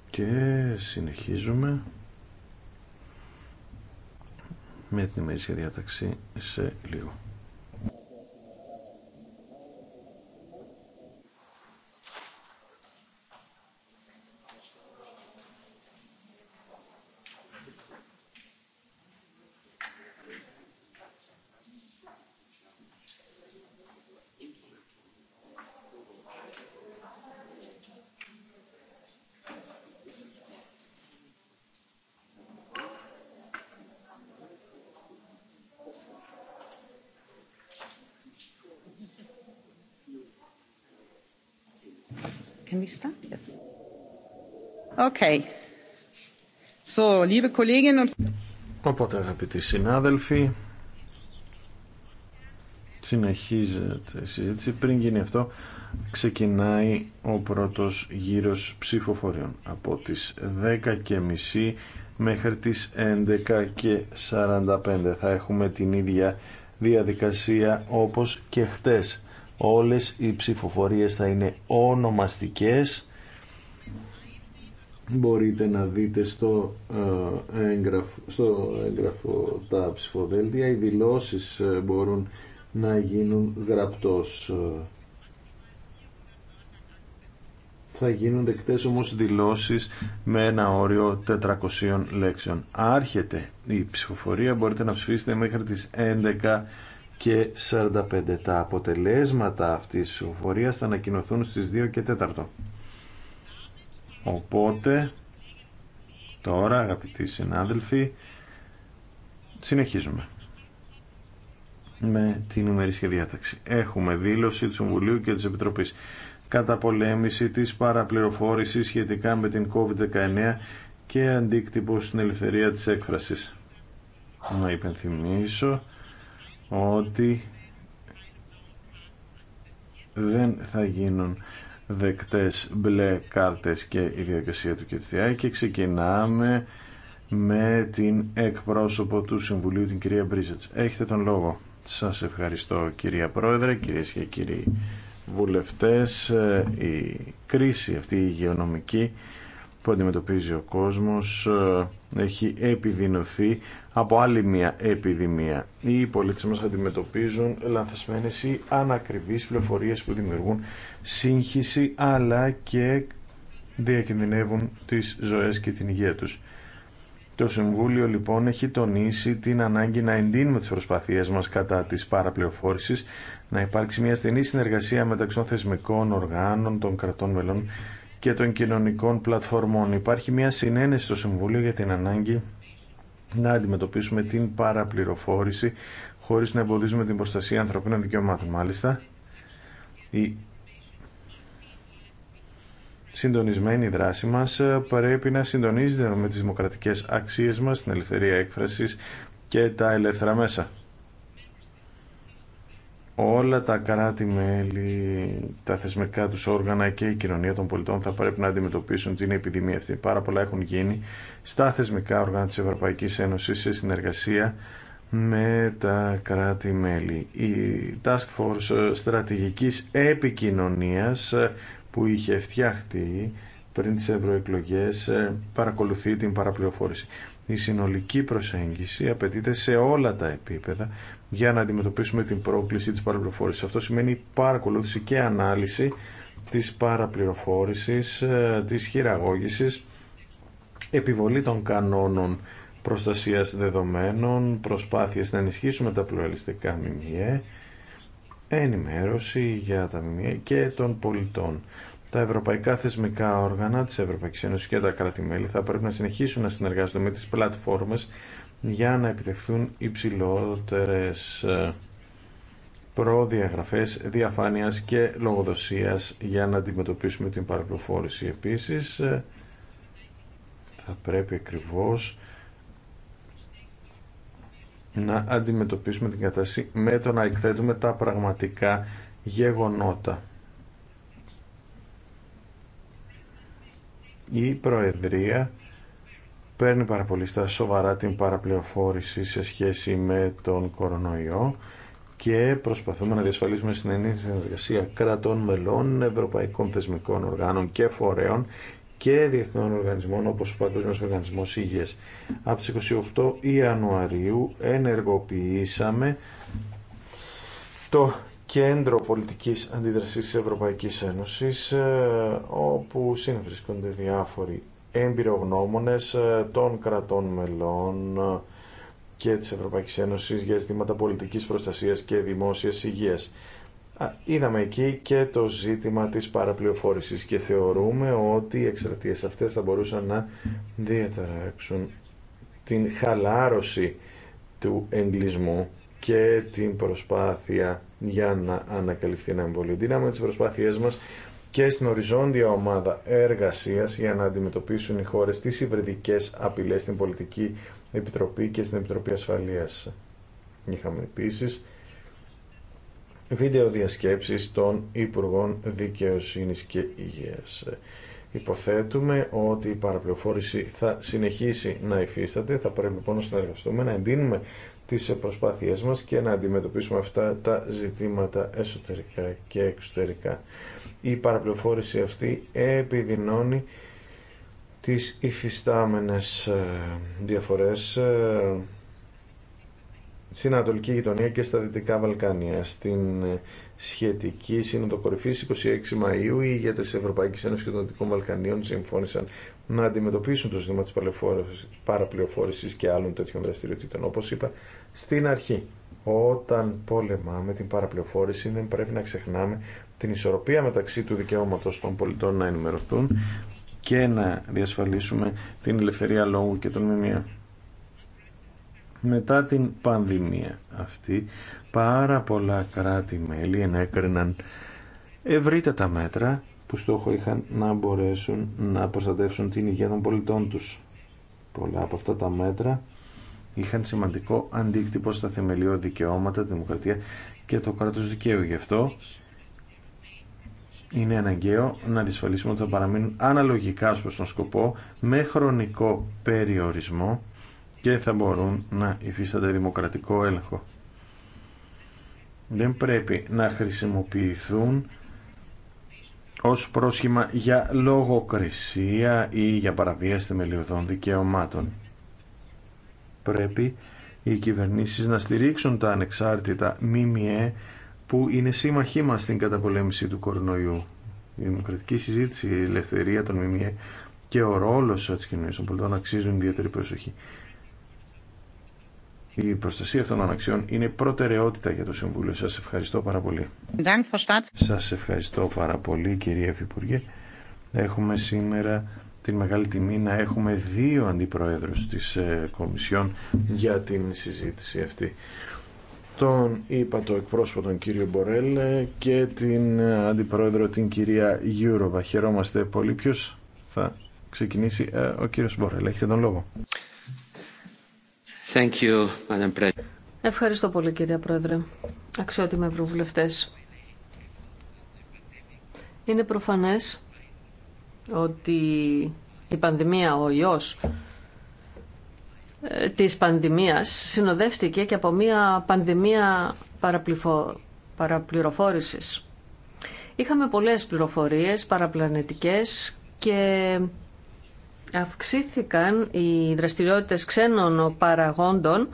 και συνεχίζουμε με την ημερήσια διάταξη σε λίγο. Can we start? Yes. Οπότε αγαπητοί συνάδελφοι, συνεχίζεται η συζήτηση. Πριν γίνει αυτό, ξεκινάει ο πρώτος γύρος ψηφοφοριών από τις 10.30 μέχρι τις 11.45. Θα έχουμε την ίδια διαδικασία όπως και χτες όλες οι ψηφοφορίες θα είναι ονομαστικές. Μπορείτε να δείτε στο, ε, έγγραφο, στο έγγραφο τα ψηφοδέλτια. Οι δηλώσεις ε, μπορούν να γίνουν γραπτός. Θα γίνουν δεκτές όμως δηλώσεις με ένα όριο 400 λέξεων. Άρχεται η ψηφοφορία, μπορείτε να ψηφίσετε μέχρι τις 11 και 45. Τα αποτελέσματα αυτής της ψηφοφορίας θα ανακοινωθούν στις 2 και 4. Οπότε, τώρα αγαπητοί συνάδελφοι, συνεχίζουμε με την ημερήσια διάταξη. Έχουμε δήλωση του Συμβουλίου και της Επιτροπής πολέμηση της παραπληροφόρησης σχετικά με την COVID-19 και αντίκτυπο στην ελευθερία της έκφρασης. Να υπενθυμίσω ότι δεν θα γίνουν δεκτές μπλε κάρτες και η διαδικασία του ΚΕΤΘΙΑ και ξεκινάμε με την εκπρόσωπο του Συμβουλίου, την κυρία Μπρίζετς. Έχετε τον λόγο. Σας ευχαριστώ κυρία Πρόεδρε, κυρίες και κύριοι βουλευτές. Ε, η κρίση αυτή η υγειονομική που αντιμετωπίζει ο κόσμος ε, έχει επιδεινωθεί από άλλη μια επιδημία. Οι πολίτες μας αντιμετωπίζουν λανθασμένες ή ανακριβείς πληροφορίες που δημιουργούν σύγχυση αλλά και διακινδυνεύουν τις ζωές και την υγεία τους. Το Συμβούλιο λοιπόν έχει τονίσει την ανάγκη να εντείνουμε τις προσπαθίες μας κατά της παραπληροφόρησης, να υπάρξει μια στενή συνεργασία μεταξύ των θεσμικών οργάνων, των κρατών μελών και των κοινωνικών πλατφορμών. Υπάρχει μια συνένεση στο Συμβούλιο για την ανάγκη να αντιμετωπίσουμε την παραπληροφόρηση χωρίς να εμποδίζουμε την προστασία ανθρωπίνων δικαιωμάτων. Μάλιστα, η συντονισμένη δράση μας ε, πρέπει να συντονίζεται με τις δημοκρατικές αξίες μας, την ελευθερία έκφρασης και τα ελεύθερα μέσα όλα τα κράτη-μέλη, τα θεσμικά τους όργανα και η κοινωνία των πολιτών θα πρέπει να αντιμετωπίσουν την επιδημία αυτή. Πάρα πολλά έχουν γίνει στα θεσμικά όργανα της Ευρωπαϊκής Ένωσης σε συνεργασία με τα κράτη-μέλη. Η Task Force Στρατηγικής Επικοινωνίας που είχε φτιάχτη πριν τις ευρωεκλογές παρακολουθεί την παραπληροφόρηση. Η συνολική προσέγγιση απαιτείται σε όλα τα επίπεδα για να αντιμετωπίσουμε την πρόκληση της παραπληροφόρησης. Αυτό σημαίνει παρακολούθηση και ανάλυση της παραπληροφόρησης, ε, της χειραγώγησης, επιβολή των κανόνων προστασίας δεδομένων, προσπάθειες να ενισχύσουμε τα πλουραλιστικά μημιέ, ενημέρωση για τα μημιέ και των πολιτών. Τα ευρωπαϊκά θεσμικά όργανα της Ευρωπαϊκής Ένωσης και τα κράτη-μέλη θα πρέπει να συνεχίσουν να συνεργάζονται με τις πλατφόρμες για να επιτευχθούν υψηλότερες ε, προδιαγραφές διαφάνειας και λογοδοσίας για να αντιμετωπίσουμε την παραπληροφόρηση. Επίσης, ε, θα πρέπει ακριβώ να αντιμετωπίσουμε την κατάσταση με το να εκθέτουμε τα πραγματικά γεγονότα. η Προεδρία παίρνει πάρα πολύ στα σοβαρά την παραπληροφόρηση σε σχέση με τον κορονοϊό και προσπαθούμε να διασφαλίσουμε συνενή συνεργασία κρατών μελών, ευρωπαϊκών θεσμικών οργάνων και φορέων και διεθνών οργανισμών όπως ο Παγκόσμιος Οργανισμός Υγείας. Από τις 28 Ιανουαρίου ενεργοποιήσαμε το κέντρο πολιτικής αντίδρασης της Ευρωπαϊκής Ένωσης ε, όπου συνευρίσκονται διάφοροι εμπειρογνώμονες ε, των κρατών μελών ε, και της Ευρωπαϊκής Ένωσης για ζητήματα πολιτικής προστασίας και δημόσιας υγείας. Είδαμε εκεί και το ζήτημα της παραπληροφόρησης και θεωρούμε ότι οι αυτές θα μπορούσαν να διαταράξουν την χαλάρωση του εγκλισμού και την προσπάθεια για να ανακαλυφθεί ένα εμβόλιο. Δίναμε τις προσπάθειές μας και στην οριζόντια ομάδα εργασίας για να αντιμετωπίσουν οι χώρες τις υβριδικές απειλές στην Πολιτική Επιτροπή και στην Επιτροπή Ασφαλείας. Είχαμε επίσης βίντεο διασκέψεις των Υπουργών Δικαιοσύνης και Υγείας. Υποθέτουμε ότι η παραπληροφόρηση θα συνεχίσει να υφίσταται, θα πρέπει λοιπόν να συνεργαστούμε, να εντείνουμε τις προσπάθειές μας και να αντιμετωπίσουμε αυτά τα ζητήματα εσωτερικά και εξωτερικά. Η παραπληροφόρηση αυτή επιδεινώνει τις υφιστάμενες ε, διαφορές ε, στην Ανατολική Γειτονία και στα Δυτικά Βαλκάνια. Στην ε, σχετική σύνοδο κορυφή 26 Μαΐου, οι ηγέτε τη Ευρωπαϊκή Ένωση και των Δυτικών Βαλκανίων συμφώνησαν να αντιμετωπίσουν το ζήτημα τη παραπληροφόρηση και άλλων τέτοιων δραστηριοτήτων. Όπω είπα, στην αρχή. Όταν πολεμάμε την παραπληροφόρηση δεν πρέπει να ξεχνάμε την ισορροπία μεταξύ του δικαιώματος των πολιτών να ενημερωθούν και να διασφαλίσουμε την ελευθερία λόγου και των μημιών. Μετά την πανδημία αυτή, πάρα πολλά κράτη-μέλη ενέκριναν ευρύτατα μέτρα που στόχο είχαν να μπορέσουν να προστατεύσουν την υγεία των πολιτών τους. Πολλά από αυτά τα μέτρα είχαν σημαντικό αντίκτυπο στα θεμελιώδη δικαιώματα, δημοκρατία και το κράτο δικαίου. Γι' αυτό είναι αναγκαίο να δυσφαλίσουμε ότι θα παραμείνουν αναλογικά προ τον σκοπό με χρονικό περιορισμό και θα μπορούν να υφίστανται δημοκρατικό έλεγχο. Δεν πρέπει να χρησιμοποιηθούν ως πρόσχημα για λογοκρισία ή για παραβίαση θεμελιωδών δικαιωμάτων πρέπει οι κυβερνήσεις να στηρίξουν τα ανεξάρτητα ΜΜΕ που είναι σύμμαχοί μας στην καταπολέμηση του κορονοϊού. Η δημοκρατική συζήτηση, η ελευθερία των ΜΜΕ και ο ρόλος της κοινωνίας των πολιτών αξίζουν ιδιαίτερη προσοχή. Η προστασία αυτών των αξιών είναι προτεραιότητα για το Συμβούλιο. Σας ευχαριστώ πάρα πολύ. Σας ευχαριστώ πάρα πολύ κυρία Υφυπουργέ. Έχουμε σήμερα την μεγάλη τιμή να έχουμε δύο αντιπροέδρους της ε, Κομισιόν για την συζήτηση αυτή. Τον είπα το εκπρόσωπο τον κύριο Μπορέλ ε, και την ε, αντιπρόεδρο την κυρία Γιούροβα. Χαιρόμαστε πολύ. ποιο. θα ξεκινήσει ο κύριος Μπορέλ. Έχετε τον λόγο. Thank you, Madam Ευχαριστώ πολύ κύριε Πρόεδρε. Αξιότιμοι ευρωβουλευτές. Είναι προφανές ότι η πανδημία, ο ιός ε, της πανδημίας συνοδεύτηκε και από μια πανδημία παραπληροφόρησης. Είχαμε πολλές πληροφορίες παραπλανητικές και αυξήθηκαν οι δραστηριότητες ξένων παραγόντων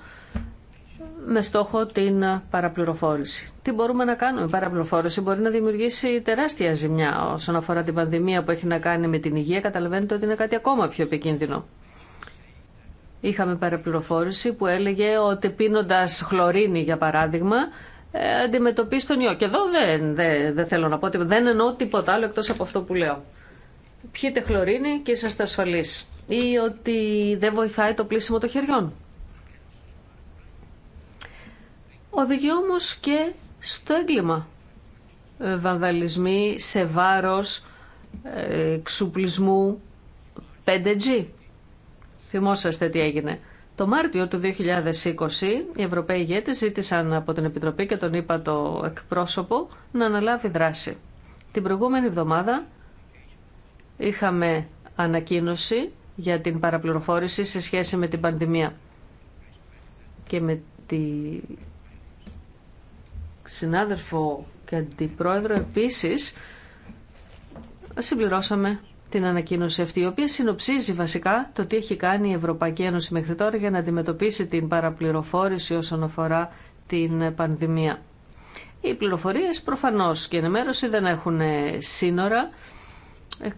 με στόχο την παραπληροφόρηση. Τι μπορούμε να κάνουμε. Η παραπληροφόρηση μπορεί να δημιουργήσει τεράστια ζημιά όσον αφορά την πανδημία που έχει να κάνει με την υγεία. Καταλαβαίνετε ότι είναι κάτι ακόμα πιο επικίνδυνο. Είχαμε παραπληροφόρηση που έλεγε ότι πίνοντα χλωρίνη, για παράδειγμα, ε, αντιμετωπίζει τον ιό. Και εδώ δεν, δεν, δεν θέλω να πω Δεν εννοώ τίποτα άλλο εκτό από αυτό που λέω. Πιείτε χλωρίνη και είσαστε ασφαλεί. Ή ότι δεν βοηθάει το πλήσιμο των χεριών. οδηγεί όμως και στο έγκλημα. Ε, βανδαλισμοί σε βάρος ε, εξουπλισμού 5G. Θυμόσαστε τι έγινε. Το Μάρτιο του 2020 οι Ευρωπαίοι ηγέτες ζήτησαν από την Επιτροπή και τον είπα το εκπρόσωπο να αναλάβει δράση. Την προηγούμενη εβδομάδα είχαμε ανακοίνωση για την παραπληροφόρηση σε σχέση με την πανδημία και με τη συνάδελφο και αντιπρόεδρο επίσης συμπληρώσαμε την ανακοίνωση αυτή, η οποία συνοψίζει βασικά το τι έχει κάνει η Ευρωπαϊκή Ένωση μέχρι τώρα για να αντιμετωπίσει την παραπληροφόρηση όσον αφορά την πανδημία. Οι πληροφορίες προφανώς και ενημέρωση δεν έχουν σύνορα.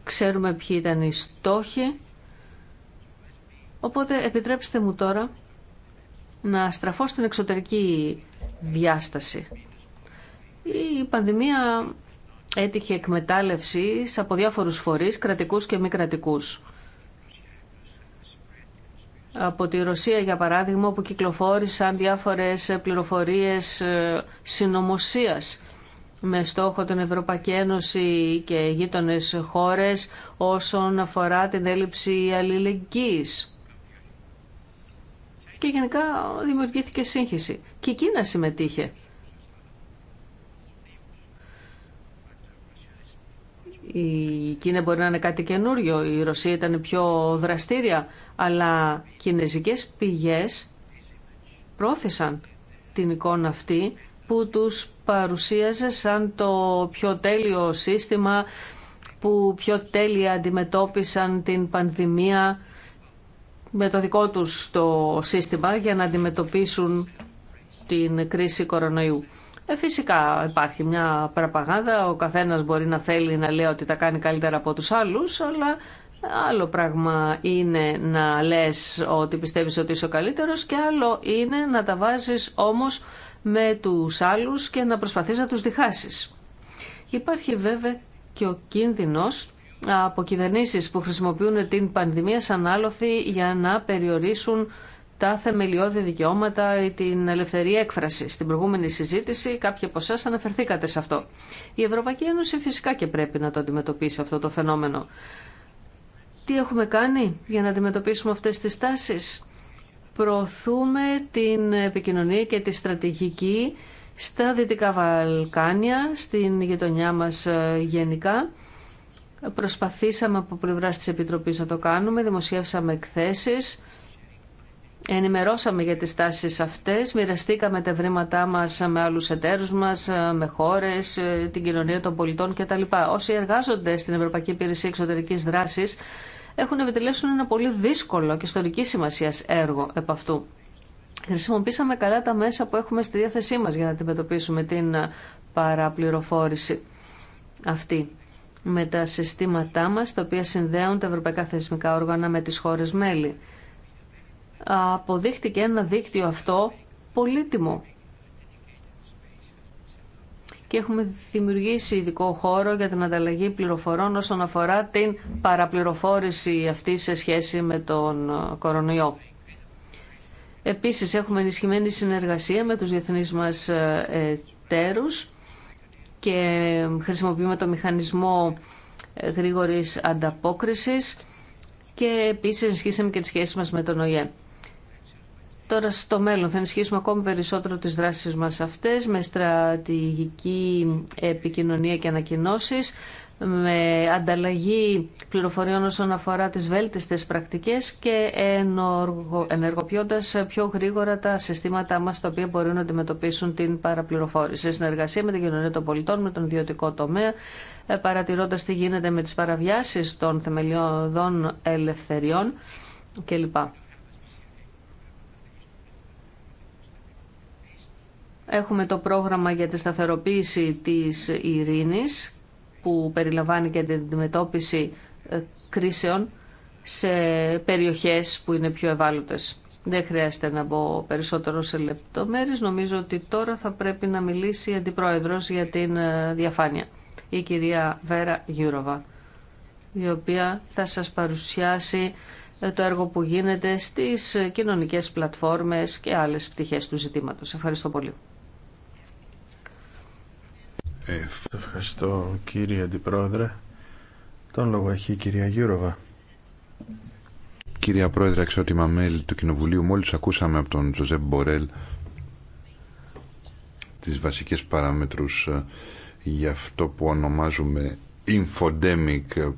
Ξέρουμε ποιοι ήταν οι στόχοι. Οπότε επιτρέψτε μου τώρα να στραφώ στην εξωτερική διάσταση η πανδημία έτυχε εκμετάλλευση από διάφορους φορείς, κρατικούς και μη κρατικούς. Από τη Ρωσία, για παράδειγμα, που κυκλοφόρησαν διάφορες πληροφορίες ε, συνωμοσία με στόχο την Ευρωπαϊκή Ένωση και γείτονε χώρες όσον αφορά την έλλειψη αλληλεγγύης και γενικά δημιουργήθηκε σύγχυση. Και η Κίνα συμμετείχε. Η Κίνα μπορεί να είναι κάτι καινούριο, η Ρωσία ήταν πιο δραστήρια, αλλά κινέζικες πηγές πρόθεσαν την εικόνα αυτή που τους παρουσίαζε σαν το πιο τέλειο σύστημα, που πιο τέλεια αντιμετώπισαν την πανδημία με το δικό τους το σύστημα για να αντιμετωπίσουν την κρίση κορονοϊού. Ε, φυσικά υπάρχει μια παραπαγάνδα, ο καθένας μπορεί να θέλει να λέει ότι τα κάνει καλύτερα από τους άλλους, αλλά άλλο πράγμα είναι να λες ότι πιστεύεις ότι είσαι ο καλύτερος και άλλο είναι να τα βάζεις όμως με τους άλλους και να προσπαθείς να τους διχάσεις. Υπάρχει βέβαια και ο κίνδυνος από κυβερνήσεις που χρησιμοποιούν την πανδημία σαν άλοθη για να περιορίσουν τα θεμελιώδη δικαιώματα ή την ελευθερία έκφραση. Στην προηγούμενη συζήτηση κάποιοι από εσά αναφερθήκατε σε αυτό. Η Ευρωπαϊκή Ένωση φυσικά και πρέπει να το αντιμετωπίσει αυτό το φαινόμενο. Τι έχουμε κάνει για να αντιμετωπίσουμε αυτέ τι τάσει. Προωθούμε την επικοινωνία και τη στρατηγική στα Δυτικά Βαλκάνια, στην γειτονιά μας ε, γενικά. Προσπαθήσαμε από πλευρά τη Επιτροπή να το κάνουμε, δημοσιεύσαμε εκθέσει. Ενημερώσαμε για τις τάσεις αυτές, μοιραστήκαμε τα ευρήματά μας με άλλους εταίρους μας, με χώρες, την κοινωνία των πολιτών κτλ. Όσοι εργάζονται στην Ευρωπαϊκή Υπηρεσία Εξωτερικής Δράσης έχουν επιτελέσουν ένα πολύ δύσκολο και ιστορική σημασία έργο επ' αυτού. Χρησιμοποίησαμε καλά τα μέσα που έχουμε στη διάθεσή μας για να αντιμετωπίσουμε την παραπληροφόρηση αυτή με τα συστήματά μας, τα οποία συνδέουν τα ευρωπαϊκά θεσμικά όργανα με τις χώρες μέλη αποδείχτηκε ένα δίκτυο αυτό πολύτιμο. Και έχουμε δημιουργήσει ειδικό χώρο για την ανταλλαγή πληροφορών όσον αφορά την παραπληροφόρηση αυτή σε σχέση με τον ε, κορονοϊό. Επίσης έχουμε ενισχυμένη συνεργασία με τους διεθνείς μας ε, τέρους και χρησιμοποιούμε το μηχανισμό ε, γρήγορης ανταπόκρισης και επίσης ενισχύσαμε και τις σχέσεις μας με τον ΟΙΕ. Τώρα στο μέλλον θα ενισχύσουμε ακόμη περισσότερο τις δράσεις μας αυτές με στρατηγική επικοινωνία και ανακοινώσεις, με ανταλλαγή πληροφοριών όσον αφορά τις βέλτιστες πρακτικές και ενεργο, ενεργοποιώντας πιο γρήγορα τα συστήματά μας τα οποία μπορούν να αντιμετωπίσουν την παραπληροφόρηση. Συνεργασία με την κοινωνία των πολιτών, με τον ιδιωτικό τομέα, ε, παρατηρώντας τι γίνεται με τις παραβιάσεις των θεμελιωδών ελευθεριών κλπ. Έχουμε το πρόγραμμα για τη σταθεροποίηση της ειρήνης που περιλαμβάνει και την αντιμετώπιση ε, κρίσεων σε περιοχές που είναι πιο ευάλωτες. Δεν χρειάζεται να μπω περισσότερο σε λεπτομέρειες. Νομίζω ότι τώρα θα πρέπει να μιλήσει η Αντιπρόεδρος για την ε, διαφάνεια, η κυρία Βέρα Γιούροβα, η οποία θα σας παρουσιάσει ε, το έργο που γίνεται στις κοινωνικές πλατφόρμες και άλλες πτυχές του ζητήματος. Ευχαριστώ πολύ. Ευχαριστώ κύριε Αντιπρόεδρε. Τον λόγο έχει η κυρία Γιούροβα. Κυρία Πρόεδρε, αξιότιμα μέλη του Κοινοβουλίου, μόλις ακούσαμε από τον Τζοζέπ Μπορέλ τις βασικές παράμετρους ε, για αυτό που ονομάζουμε infodemic, ε,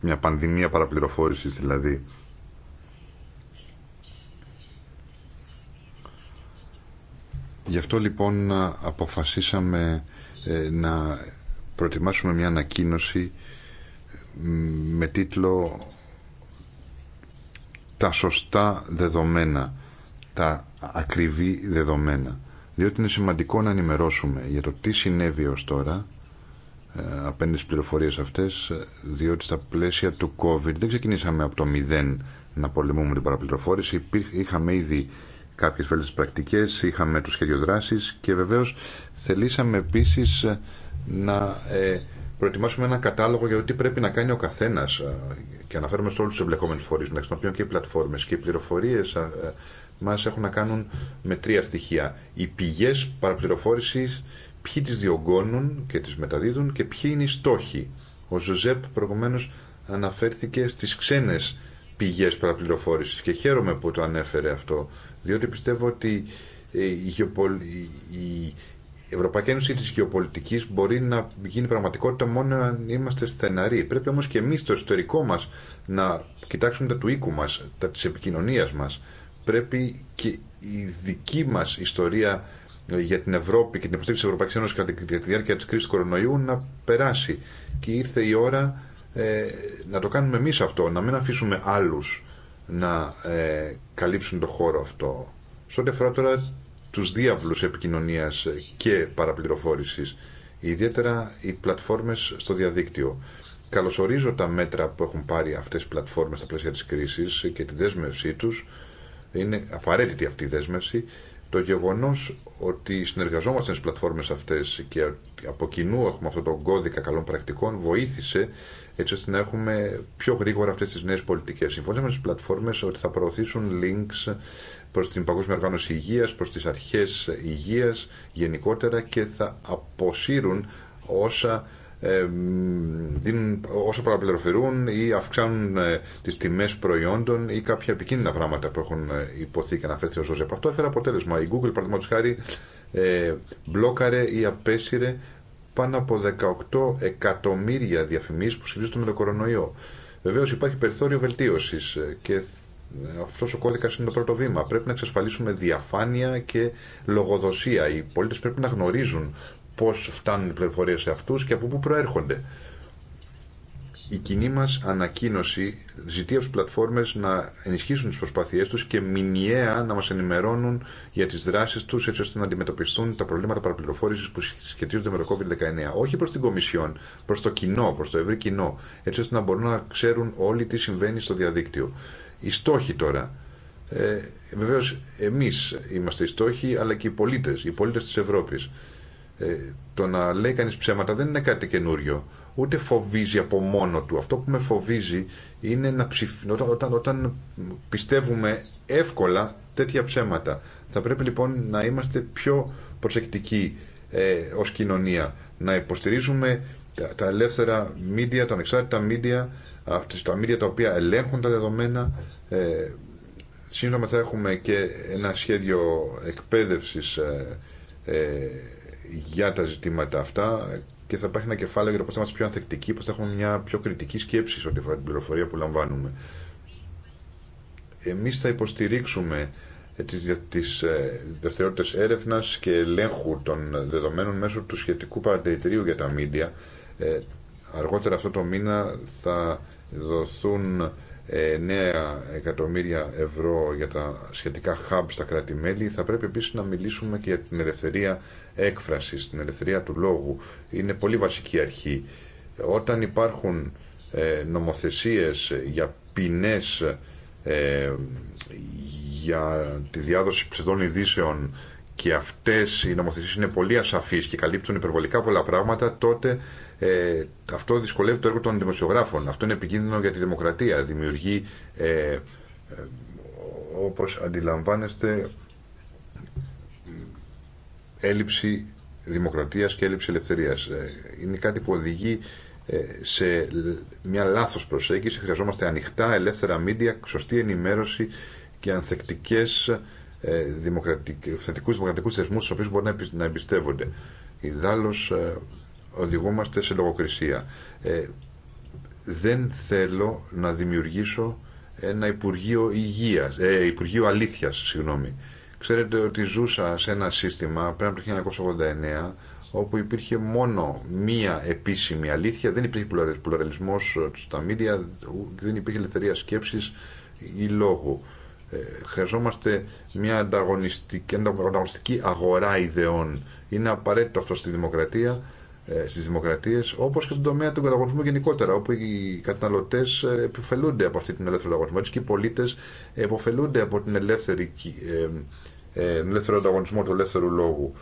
μια πανδημία παραπληροφόρησης δηλαδή. Γι' αυτό λοιπόν ε, αποφασίσαμε ε, να προετοιμάσουμε μια ανακοίνωση με τίτλο «Τα σωστά δεδομένα, τα ακριβή δεδομένα». Διότι είναι σημαντικό να ενημερώσουμε για το τι συνέβη ως τώρα ε, απέναντι στις πληροφορίες αυτές, διότι στα πλαίσια του COVID δεν ξεκινήσαμε από το μηδέν να πολεμούμε την παραπληροφόρηση. Είχαμε ήδη κάποιες βέλτιστες πρακτικές, είχαμε το σχέδιο δράσης και βεβαίως θελήσαμε επίσης ε, να ε, προετοιμάσουμε ένα κατάλογο για το τι πρέπει να κάνει ο καθένας ε, και αναφέρομαι σε όλους τους εμπλεκόμενους φορείς, μεταξύ των οποίων και οι πλατφόρμες και οι πληροφορίες μας έχουν να κάνουν με τρία στοιχεία. Οι πηγές παραπληροφόρησης, ποιοι τις διωγγώνουν και τις μεταδίδουν και ποιοι είναι οι στόχοι. Ο Ζωζέπ προηγουμένω αναφέρθηκε στις ξένες πηγές παραπληροφόρησης και χαίρομαι που το ανέφερε αυτό διότι πιστεύω ότι ε, η Ευρωπαϊκή Ένωση της Γεωπολιτικής μπορεί να γίνει πραγματικότητα μόνο αν είμαστε στεναροί. Πρέπει όμως και εμείς στο εσωτερικό μας να κοιτάξουμε τα του οίκου μας, τα της επικοινωνίας μας. Πρέπει και η δική μας ιστορία ε, για την Ευρώπη και την υποστήριξη της Ευρωπαϊκής Ένωσης κατά τη διάρκεια της κρίσης του κορονοϊού να περάσει. Και ήρθε η ώρα ε, να το κάνουμε εμείς αυτό, να μην αφήσουμε άλλους να ε, καλύψουν το χώρο αυτό. Σε ό,τι τώρα τους διάβλους επικοινωνίας και παραπληροφόρησης, ιδιαίτερα οι πλατφόρμες στο διαδίκτυο. Καλωσορίζω τα μέτρα που έχουν πάρει αυτές οι πλατφόρμες στα πλαίσια της κρίσης και τη δέσμευσή τους. Είναι απαραίτητη αυτή η δέσμευση. Το γεγονός ότι συνεργαζόμαστε στις πλατφόρμες αυτές και από κοινού έχουμε αυτόν τον κώδικα καλών πρακτικών βοήθησε έτσι ώστε να έχουμε πιο γρήγορα αυτές τις νέες πολιτικές. Συμφωνήσαμε στις πλατφόρμες ότι θα προωθήσουν links προς την Παγκόσμια Οργάνωση Υγείας, προς τις αρχές υγείας γενικότερα και θα αποσύρουν όσα ε, όσα παραπληροφερούν ή αυξάνουν ε, τις τιμές προϊόντων ή κάποια επικίνδυνα πράγματα που έχουν ε, υποθεί και αναφέρθει ο Ζωζέπ. Αυτό έφερε αποτέλεσμα. Η Google, παραδείγματος χάρη, ε, μπλόκαρε ή απέσυρε πάνω από 18 εκατομμύρια διαφημίσεις που σχετίζονται με το κορονοϊό. Βεβαίως υπάρχει περιθώριο βελτίωσης ε, και αυτός ο κώδικας είναι το πρώτο βήμα. Πρέπει να εξασφαλίσουμε διαφάνεια και λογοδοσία. Οι πολίτες πρέπει να γνωρίζουν πώς φτάνουν οι πληροφορίες σε αυτούς και από πού προέρχονται η κοινή μας ανακοίνωση ζητεί από τις πλατφόρμες να ενισχύσουν τις προσπάθειές τους και μηνιαία να μας ενημερώνουν για τις δράσεις τους έτσι ώστε να αντιμετωπιστούν τα προβλήματα παραπληροφόρησης που σχετίζονται με το COVID-19. Όχι προς την Κομισιόν, προς το κοινό, προς το ευρύ κοινό, έτσι ώστε να μπορούν να ξέρουν όλοι τι συμβαίνει στο διαδίκτυο. Οι στόχοι τώρα. Ε, Βεβαίω εμείς είμαστε οι στόχοι αλλά και οι πολίτες, οι πολίτες της Ευρώπης. Ε, το να λέει κανεί ψέματα δεν είναι κάτι καινούριο ούτε φοβίζει από μόνο του. Αυτό που με φοβίζει είναι να όταν, όταν, πιστεύουμε εύκολα τέτοια ψέματα. Θα πρέπει λοιπόν να είμαστε πιο προσεκτικοί ε, ως κοινωνία, να υποστηρίζουμε τα, ελεύθερα μίντια, τα ανεξάρτητα μίντια, τα μίντια τα οποία ελέγχουν τα δεδομένα. Ε, σύντομα θα έχουμε και ένα σχέδιο εκπαίδευσης ε, ε, για τα ζητήματα αυτά και θα υπάρχει ένα κεφάλαιο για το πώ θα είμαστε πιο ανθεκτικοί, πώ θα έχουμε μια πιο κριτική σκέψη σε ό,τι αφορά την πληροφορία που λαμβάνουμε. Εμεί θα υποστηρίξουμε ε, τι ε, δραστηριότητε έρευνα και ελέγχου των δεδομένων μέσω του σχετικού παρατηρητηρίου για τα μίντια. Ε, αργότερα αυτό το μήνα θα δοθούν 9 εκατομμύρια ευρώ για τα σχετικά hub στα κράτη-μέλη, θα πρέπει επίσης να μιλήσουμε και για την ελευθερία έκφρασης, την ελευθερία του λόγου. Είναι πολύ βασική αρχή. Όταν υπάρχουν ε, νομοθεσίες για ποινές, ε, για τη διάδοση ψευδών ειδήσεων και αυτές οι νομοθεσίες είναι πολύ ασαφείς και καλύπτουν υπερβολικά πολλά πράγματα, τότε ε, αυτό δυσκολεύει το έργο των δημοσιογράφων. Αυτό είναι επικίνδυνο για τη δημοκρατία. Δημιουργεί, ε, ε όπως αντιλαμβάνεστε, έλλειψη δημοκρατίας και έλλειψη ελευθερίας. Ε, είναι κάτι που οδηγεί ε, σε μια λάθος προσέγγιση. Χρειαζόμαστε ανοιχτά, ελεύθερα μίντια, σωστή ενημέρωση και ανθεκτικές δημοκρατικούς, δημοκρατικούς θεσμούς στους οποίους μπορεί να εμπιστεύονται. Ιδάλλως οδηγούμαστε σε λογοκρισία. Ε, δεν θέλω να δημιουργήσω ένα Υπουργείο, Υγείας, ε, Υπουργείο Αλήθειας. Συγγνώμη. Ξέρετε ότι ζούσα σε ένα σύστημα πριν από το 1989 όπου υπήρχε μόνο μία επίσημη αλήθεια, δεν υπήρχε πλουραλισμός ε, στα μίντια, δεν υπήρχε ελευθερία σκέψης ή λόγου. Ε, χρειαζόμαστε μια ανταγωνιστική, πλουραλισμος στα μιλια αγορά σκεψης η λογου Είναι απαραίτητο αυτό στη δημοκρατία ε, Στι δημοκρατίε, όπω και στον τομέα του καταγωνισμού γενικότερα, όπου οι καταναλωτέ ε, επιφελούνται από αυτή την ελεύθερη ανταγωνισμό, έτσι και οι πολίτε επιφελούνται από την ελεύθερη, ε, τον ελεύθερο ανταγωνισμό του ελεύθερου λόγου.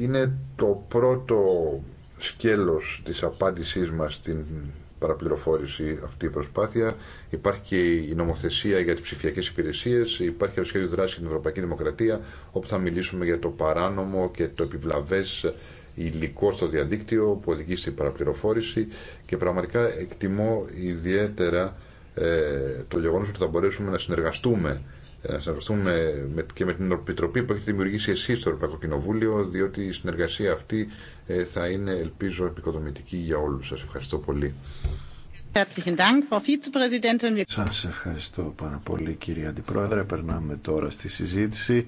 Είναι το πρώτο σκέλος της απάντησής μας στην παραπληροφόρηση αυτή η προσπάθεια. Υπάρχει και η νομοθεσία για τι ψηφιακέ υπηρεσίε, υπάρχει το σχέδιο δράση για την Ευρωπαϊκή Δημοκρατία, όπου θα μιλήσουμε για το παράνομο και το επιβλαβέ υλικό στο διαδίκτυο που οδηγεί στην παραπληροφόρηση και πραγματικά εκτιμώ ιδιαίτερα ε, το γεγονός ότι θα μπορέσουμε να συνεργαστούμε ε, να συνεργαστούμε και με την Επιτροπή που έχετε δημιουργήσει εσείς στο Ευρωπαϊκό Κοινοβούλιο, διότι η συνεργασία αυτή ε, θα είναι, ελπίζω, επικοδομητική για όλους. Σας ευχαριστώ πολύ. Σας ευχαριστώ πάρα πολύ, κύριε Αντιπρόεδρε. Περνάμε τώρα στη συζήτηση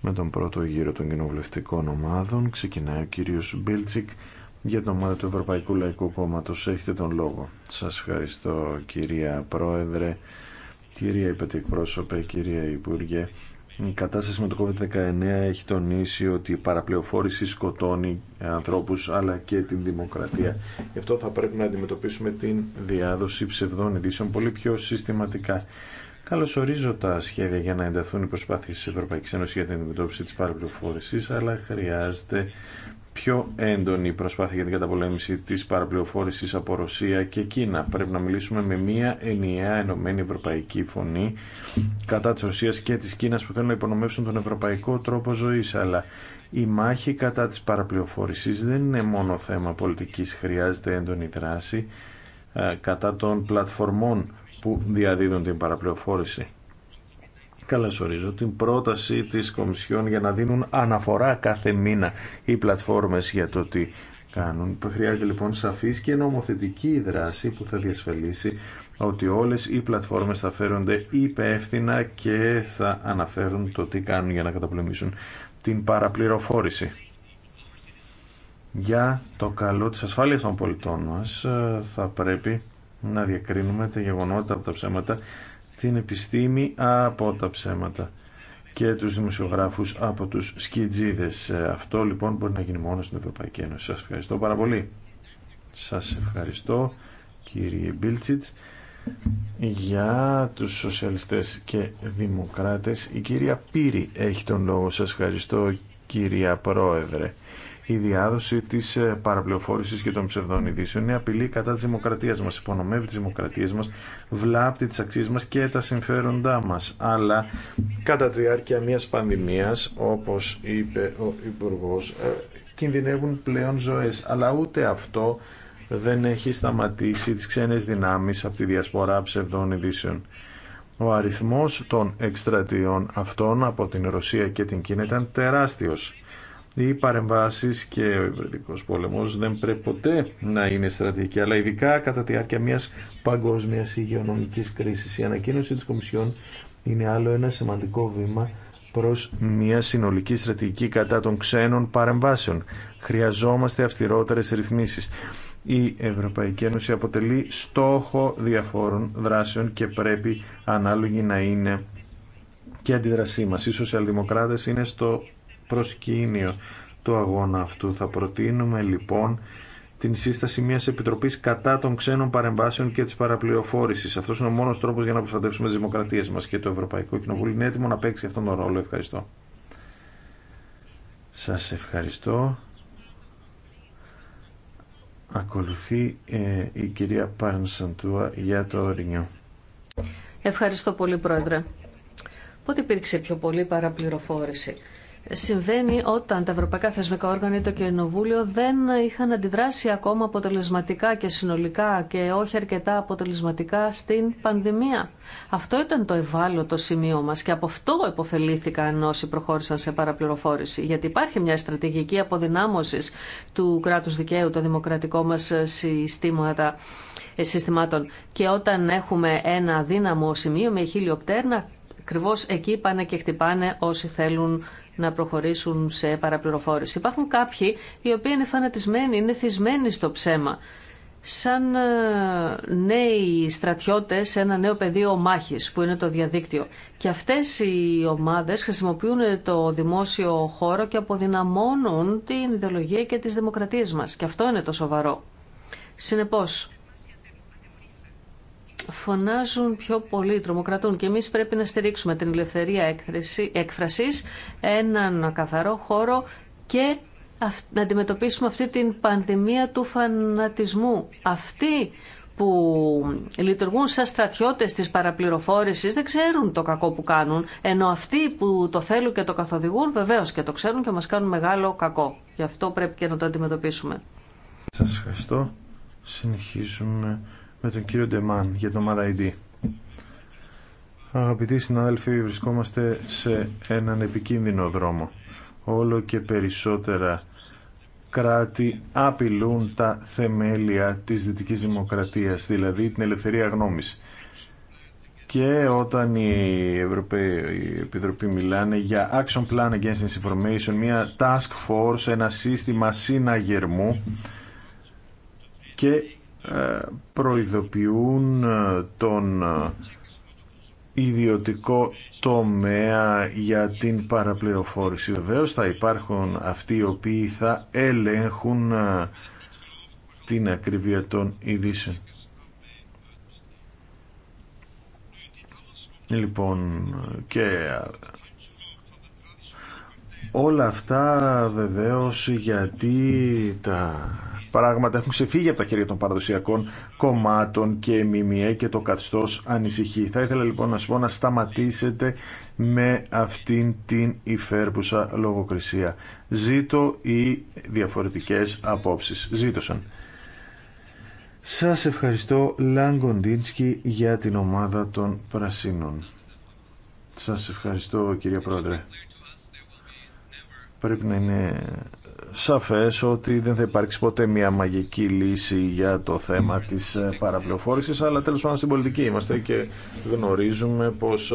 με τον πρώτο γύρο των κοινοβουλευτικών ομάδων. Ξεκινάει ο κύριος Μπίλτσικ για την ομάδα του Ευρωπαϊκού Λαϊκού Κόμματος. Έχετε τον λόγο. Σας ευχαριστώ κυρία Πρόεδρε, κυρία Υπετεκπρόσωπε, κυρία Υπουργέ. Η κατάσταση με το COVID-19 έχει τονίσει ότι η παραπληροφόρηση σκοτώνει ανθρώπους αλλά και την δημοκρατία. Γι' αυτό θα πρέπει να αντιμετωπίσουμε την διάδοση ψευδών ειδήσεων πολύ πιο συστηματικά. Καλωσορίζω τα σχέδια για να ενταθούν οι προσπάθειες της Ευρωπαϊκής Ένωσης για την αντιμετώπιση της παραπληροφόρησης, αλλά χρειάζεται πιο έντονη προσπάθεια για την καταπολέμηση της παραπληροφόρησης από Ρωσία και Κίνα. Πρέπει να μιλήσουμε με μια ενιαία ενωμένη ευρωπαϊκή φωνή κατά της Ρωσίας και της Κίνας που θέλουν να υπονομεύσουν τον ευρωπαϊκό τρόπο ζωής. Αλλά η μάχη κατά της παραπληροφόρησης δεν είναι μόνο θέμα πολιτικής. Χρειάζεται έντονη δράση ε, κατά των πλατφορμών που διαδίδουν την παραπληροφόρηση. Καλωσορίζω την πρόταση της Κομισιόν για να δίνουν αναφορά κάθε μήνα οι πλατφόρμες για το τι κάνουν. Χρειάζεται λοιπόν σαφής και νομοθετική δράση που θα διασφαλίσει ότι όλες οι πλατφόρμες θα φέρονται υπεύθυνα και θα αναφέρουν το τι κάνουν για να καταπολεμήσουν την παραπληροφόρηση. Για το καλό της ασφάλειας των πολιτών μας ε, θα πρέπει να διακρίνουμε τα γεγονότα από τα ψέματα, την επιστήμη από τα ψέματα και τους δημοσιογράφους από τους σκιτζίδες. Ε, αυτό λοιπόν μπορεί να γίνει μόνο στην Ευρωπαϊκή Ένωση. Σας ευχαριστώ πάρα πολύ. Σας ευχαριστώ κύριε Μπίλτσιτς. Για τους σοσιαλιστές και δημοκράτες, η κυρία Πύρη έχει τον λόγο. Σας ευχαριστώ κυρία Πρόεδρε η διάδοση τη ε, παραπληροφόρηση και των ψευδών ειδήσεων είναι απειλή κατά τη δημοκρατία μας, υπονομεύει τι δημοκρατίε μα, βλάπτει τι αξίες μα και τα συμφέροντά μας. Αλλά κατά τη διάρκεια μιας πανδημία, όπως είπε ο υπουργό, ε, κινδυνεύουν πλέον ζωέ, Αλλά ούτε αυτό δεν έχει σταματήσει τις ξένες δυνάμεις από τη διασπορά ψευδών ειδήσεων. Ο αριθμός των εκστρατιών αυτών από την Ρωσία και την Κίνα ήταν τεράστιος οι παρεμβάσει και ο υβριδικό πολεμό δεν πρέπει ποτέ να είναι στρατηγική, αλλά ειδικά κατά τη διάρκεια μια παγκόσμια υγειονομική κρίση. Η ανακοίνωση τη Κομισιόν είναι άλλο ένα σημαντικό βήμα προ μια συνολική στρατηγική κατά των ξένων παρεμβάσεων. Χρειαζόμαστε αυστηρότερε ρυθμίσει. Η Ευρωπαϊκή Ένωση αποτελεί στόχο διαφόρων δράσεων και πρέπει ανάλογη να είναι και αντιδρασή μα. Οι σοσιαλδημοκράτες είναι στο προσκήνιο του αγώνα αυτού. Θα προτείνουμε λοιπόν την σύσταση μια επιτροπή κατά των ξένων παρεμβάσεων και τη παραπληροφόρηση. Αυτό είναι ο μόνο τρόπο για να προστατεύσουμε τι δημοκρατίε μα και το Ευρωπαϊκό Κοινοβούλιο είναι έτοιμο να παίξει αυτόν τον ρόλο. Ευχαριστώ. Σα ευχαριστώ. Ακολουθεί ε, η κυρία Πάρνσαντούα για το Ρινιό. Ευχαριστώ πολύ, Πρόεδρε. Πότε υπήρξε πιο πολύ παραπληροφόρηση συμβαίνει όταν τα ευρωπαϊκά θεσμικά όργανα ή το κοινοβούλιο δεν είχαν αντιδράσει ακόμα αποτελεσματικά και συνολικά και όχι αρκετά αποτελεσματικά στην πανδημία. Αυτό ήταν το ευάλωτο σημείο μα και από αυτό υποφελήθηκαν όσοι προχώρησαν σε παραπληροφόρηση. Γιατί υπάρχει μια στρατηγική αποδυνάμωσης του κράτου δικαίου, των δημοκρατικών μα συστήματα ε, συστημάτων. Και όταν έχουμε ένα δύναμο σημείο με χίλιο πτέρνα, ακριβώ εκεί πάνε και χτυπάνε όσοι θέλουν να προχωρήσουν σε παραπληροφόρηση. Υπάρχουν κάποιοι οι οποίοι είναι φανατισμένοι, είναι θυσμένοι στο ψέμα. Σαν ε, νέοι στρατιώτες σε ένα νέο πεδίο μάχης που είναι το διαδίκτυο. Και αυτές οι ομάδες χρησιμοποιούν το δημόσιο χώρο και αποδυναμώνουν την ιδεολογία και τις δημοκρατίες μας. Και αυτό είναι το σοβαρό. Συνεπώς, φωνάζουν πιο πολύ, τρομοκρατούν και εμείς πρέπει να στηρίξουμε την ελευθερία έκφρασης, έναν καθαρό χώρο και να αντιμετωπίσουμε αυτή την πανδημία του φανατισμού. Αυτή που λειτουργούν σαν στρατιώτες της παραπληροφόρησης δεν ξέρουν το κακό που κάνουν, ενώ αυτοί που το θέλουν και το καθοδηγούν βεβαίως και το ξέρουν και μας κάνουν μεγάλο κακό. Γι' αυτό πρέπει και να το αντιμετωπίσουμε. Σας ευχαριστώ. Συνεχίζουμε με τον κύριο Ντεμάν για το ομάδα ID. Αγαπητοί συνάδελφοι, βρισκόμαστε σε έναν επικίνδυνο δρόμο. Όλο και περισσότερα κράτη απειλούν τα θεμέλια της δυτικής δημοκρατίας, δηλαδή την ελευθερία γνώμης. Και όταν οι Ευρωπαίοι Επιτροπή μιλάνε για Action Plan Against Information, μια task force, ένα σύστημα συναγερμού και ε, προειδοποιούν ε, τον ε, ιδιωτικό τομέα για την παραπληροφόρηση. Βεβαίως θα υπάρχουν αυτοί οι οποίοι θα ελέγχουν την ακρίβεια των ειδήσεων. Λοιπόν, και Όλα αυτά βεβαίως γιατί τα πράγματα έχουν ξεφύγει από τα χέρια των παραδοσιακών κομμάτων και μιμιέ και το καθιστός ανησυχεί. Θα ήθελα λοιπόν να σας πω να σταματήσετε με αυτήν την υφέρπουσα λογοκρισία. Ζήτω οι διαφορετικές απόψεις. Ζήτωσαν. Σας ευχαριστώ Λαγκοντίνσκι για την ομάδα των Πρασίνων. Σας ευχαριστώ κύριε Πρόεδρε πρέπει να είναι σαφές ότι δεν θα υπάρξει ποτέ μια μαγική λύση για το θέμα της ε, παραπληροφόρησης, αλλά τέλος πάντων στην πολιτική είμαστε και γνωρίζουμε πως ε,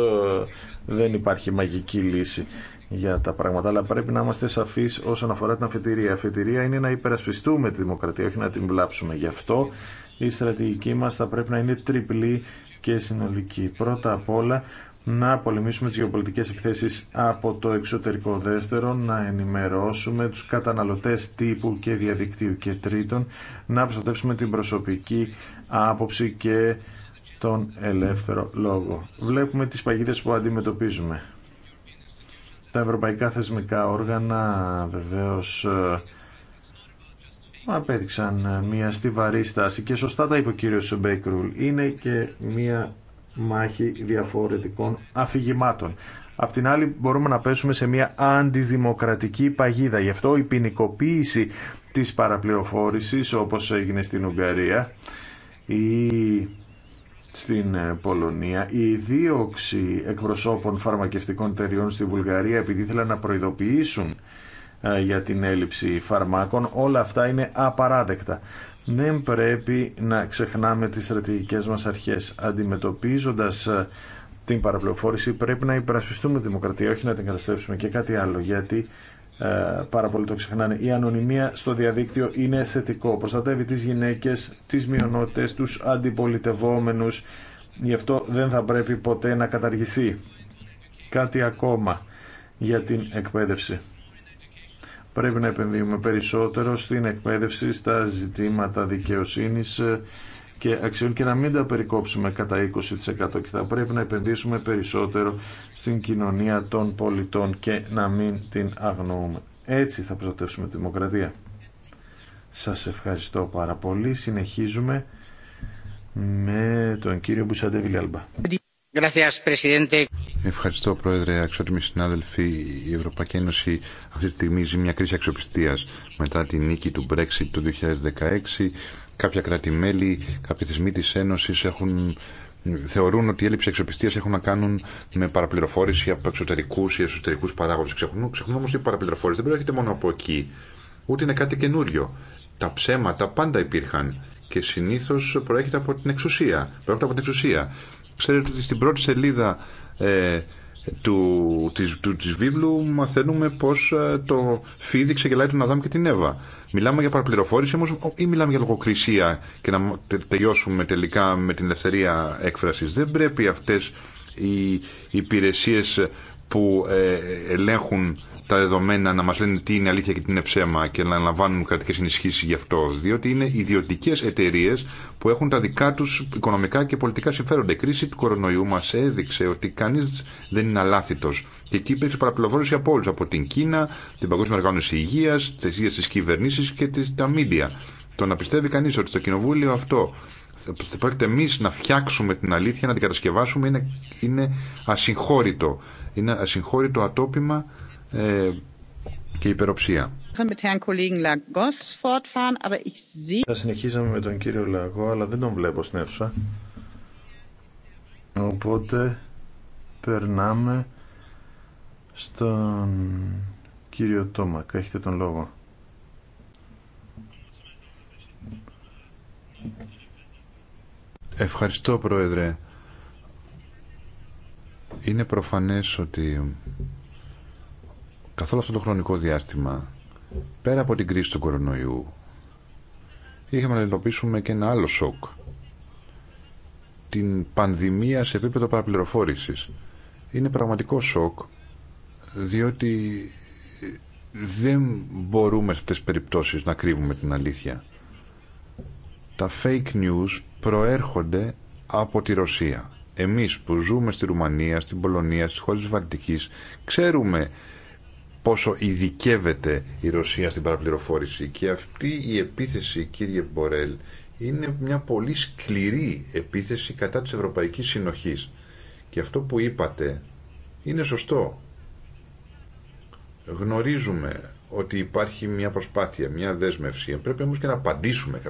δεν υπάρχει μαγική λύση για τα πράγματα, αλλά πρέπει να είμαστε σαφείς όσον αφορά την αφετηρία. Η αφετηρία είναι να υπερασπιστούμε τη δημοκρατία, όχι να την βλάψουμε. Γι' αυτό η στρατηγική μας θα πρέπει να είναι τριπλή και συνολική. Πρώτα απ' όλα να πολεμήσουμε τις γεωπολιτικές επιθέσεις από το εξωτερικό δεύτερο να ενημερώσουμε τους καταναλωτές τύπου και διαδικτύου και τρίτον, να προστατεύσουμε την προσωπική άποψη και τον ελεύθερο λόγο. Βλέπουμε τις παγίδες που αντιμετωπίζουμε. Τα ευρωπαϊκά θεσμικά όργανα βεβαίως ε, απέδειξαν μια στιβαρή στάση και σωστά τα είπε ο κύριος Μπέικρουλ. Είναι και μια μάχη διαφορετικών αφηγημάτων. Απ' την άλλη μπορούμε να πέσουμε σε μια αντιδημοκρατική παγίδα. Γι' αυτό η ποινικοποίηση της παραπληροφόρησης όπως έγινε στην Ουγγαρία ή στην ε, Πολωνία. Η δίωξη εκπροσώπων φαρμακευτικών εταιριών στη Βουλγαρία επειδή ήθελαν να προειδοποιήσουν ε, για την έλλειψη φαρμάκων. Όλα αυτά είναι απαράδεκτα δεν πρέπει να ξεχνάμε τις στρατηγικές μας αρχές. Αντιμετωπίζοντας ε, την παραπληροφόρηση πρέπει να υπερασπιστούμε τη δημοκρατία, όχι να την καταστρέψουμε και κάτι άλλο, γιατί ε, πάρα πολύ το ξεχνάνε. Η ανωνυμία στο διαδίκτυο είναι θετικό. Προστατεύει τις γυναίκες, τις μειονότητες, τους αντιπολιτευόμενους. Γι' αυτό δεν θα πρέπει ποτέ να καταργηθεί. Κάτι ακόμα για την εκπαίδευση. Πρέπει να επενδύουμε περισσότερο στην εκπαίδευση στα ζητήματα δικαιοσύνης ε, και αξιών και να μην τα περικόψουμε κατά 20% και θα πρέπει να επενδύσουμε περισσότερο στην κοινωνία των πολιτών και να μην την αγνοούμε. Έτσι θα προστατεύσουμε τη δημοκρατία. Σας ευχαριστώ πάρα πολύ. Συνεχίζουμε με τον κύριο Μπουσαντεβιλιάλμπα. Ευχαριστώ, Πρόεδρε. Αξιότιμοι συνάδελφοι, η Ευρωπαϊκή Ένωση αυτή τη στιγμή ζει μια κρίση αξιοπιστία μετά τη νίκη του Brexit του 2016. Κάποια κράτη-μέλη, κάποιοι θεσμοί τη Ένωση έχουν. Θεωρούν ότι η έλλειψη αξιοπιστία έχουν να κάνουν με παραπληροφόρηση από εξωτερικού ή εσωτερικού παράγοντε. Ξεχνούν, ξεχνούν όμω ότι η παραπληροφόρηση δεν προέρχεται μόνο από εκεί, ούτε είναι κάτι καινούριο. Τα ψέματα πάντα υπήρχαν και συνήθω προέρχεται από την εξουσία. Προέρχεται από την εξουσία. Ξέρετε ότι στην πρώτη σελίδα ε, του, της, του, της βίβλου μαθαίνουμε πως ε, το φίδι ξεγελάει τον Αδάμ και την Εύα. Μιλάμε για παραπληροφόρηση όμως ή μιλάμε για λογοκρισία και να τελειώσουμε τελικά με την ελευθερία έκφρασης. Δεν πρέπει αυτές οι υπηρεσίες που ε, ελέγχουν τα δεδομένα να μα λένε τι είναι αλήθεια και τι είναι ψέμα και να λαμβάνουν κρατικέ ενισχύσει γι' αυτό, διότι είναι ιδιωτικέ εταιρείε που έχουν τα δικά του οικονομικά και πολιτικά συμφέροντα. Η κρίση του κορονοϊού μα έδειξε ότι κανεί δεν είναι αλάθητο. και εκεί υπήρξε παραπληροφόρηση από όλου. από την Κίνα, την Παγκόσμια Οργάνωση Υγεία, τι ίδιε τι κυβερνήσεις και τα μίντια. Το να πιστεύει κανεί ότι στο κοινοβούλιο αυτό θα πρόκειται εμεί να φτιάξουμε την αλήθεια, να την κατασκευάσουμε, είναι, είναι ασυγχώρητο. Είναι ασυγχώρητο ατόπιμα ε, και υπεροψία. Θα συνεχίσαμε με τον κύριο Λαγό, αλλά δεν τον βλέπω στην αίθουσα. Οπότε περνάμε στον κύριο Τόμακ. Έχετε τον λόγο. Ευχαριστώ, Πρόεδρε. Είναι προφανές ότι Καθόλου αυτό το χρονικό διάστημα, πέρα από την κρίση του κορονοϊού, είχαμε να εντοπίσουμε και ένα άλλο σοκ. Την πανδημία σε επίπεδο παραπληροφόρησης. Είναι πραγματικό σοκ, διότι δεν μπορούμε σε αυτές τις περιπτώσεις να κρύβουμε την αλήθεια. Τα fake news προέρχονται από τη Ρωσία. Εμείς που ζούμε στη Ρουμανία, στην Πολωνία, στις χώρες της Βαλτικής, ξέρουμε πόσο ειδικεύεται η Ρωσία στην παραπληροφόρηση. Και αυτή η επίθεση, κύριε Μπορέλ, είναι μια πολύ σκληρή επίθεση κατά της Ευρωπαϊκής Συνοχής. Και αυτό που είπατε είναι σωστό. Γνωρίζουμε ότι υπάρχει μια προσπάθεια, μια δέσμευση. Πρέπει όμως και να απαντήσουμε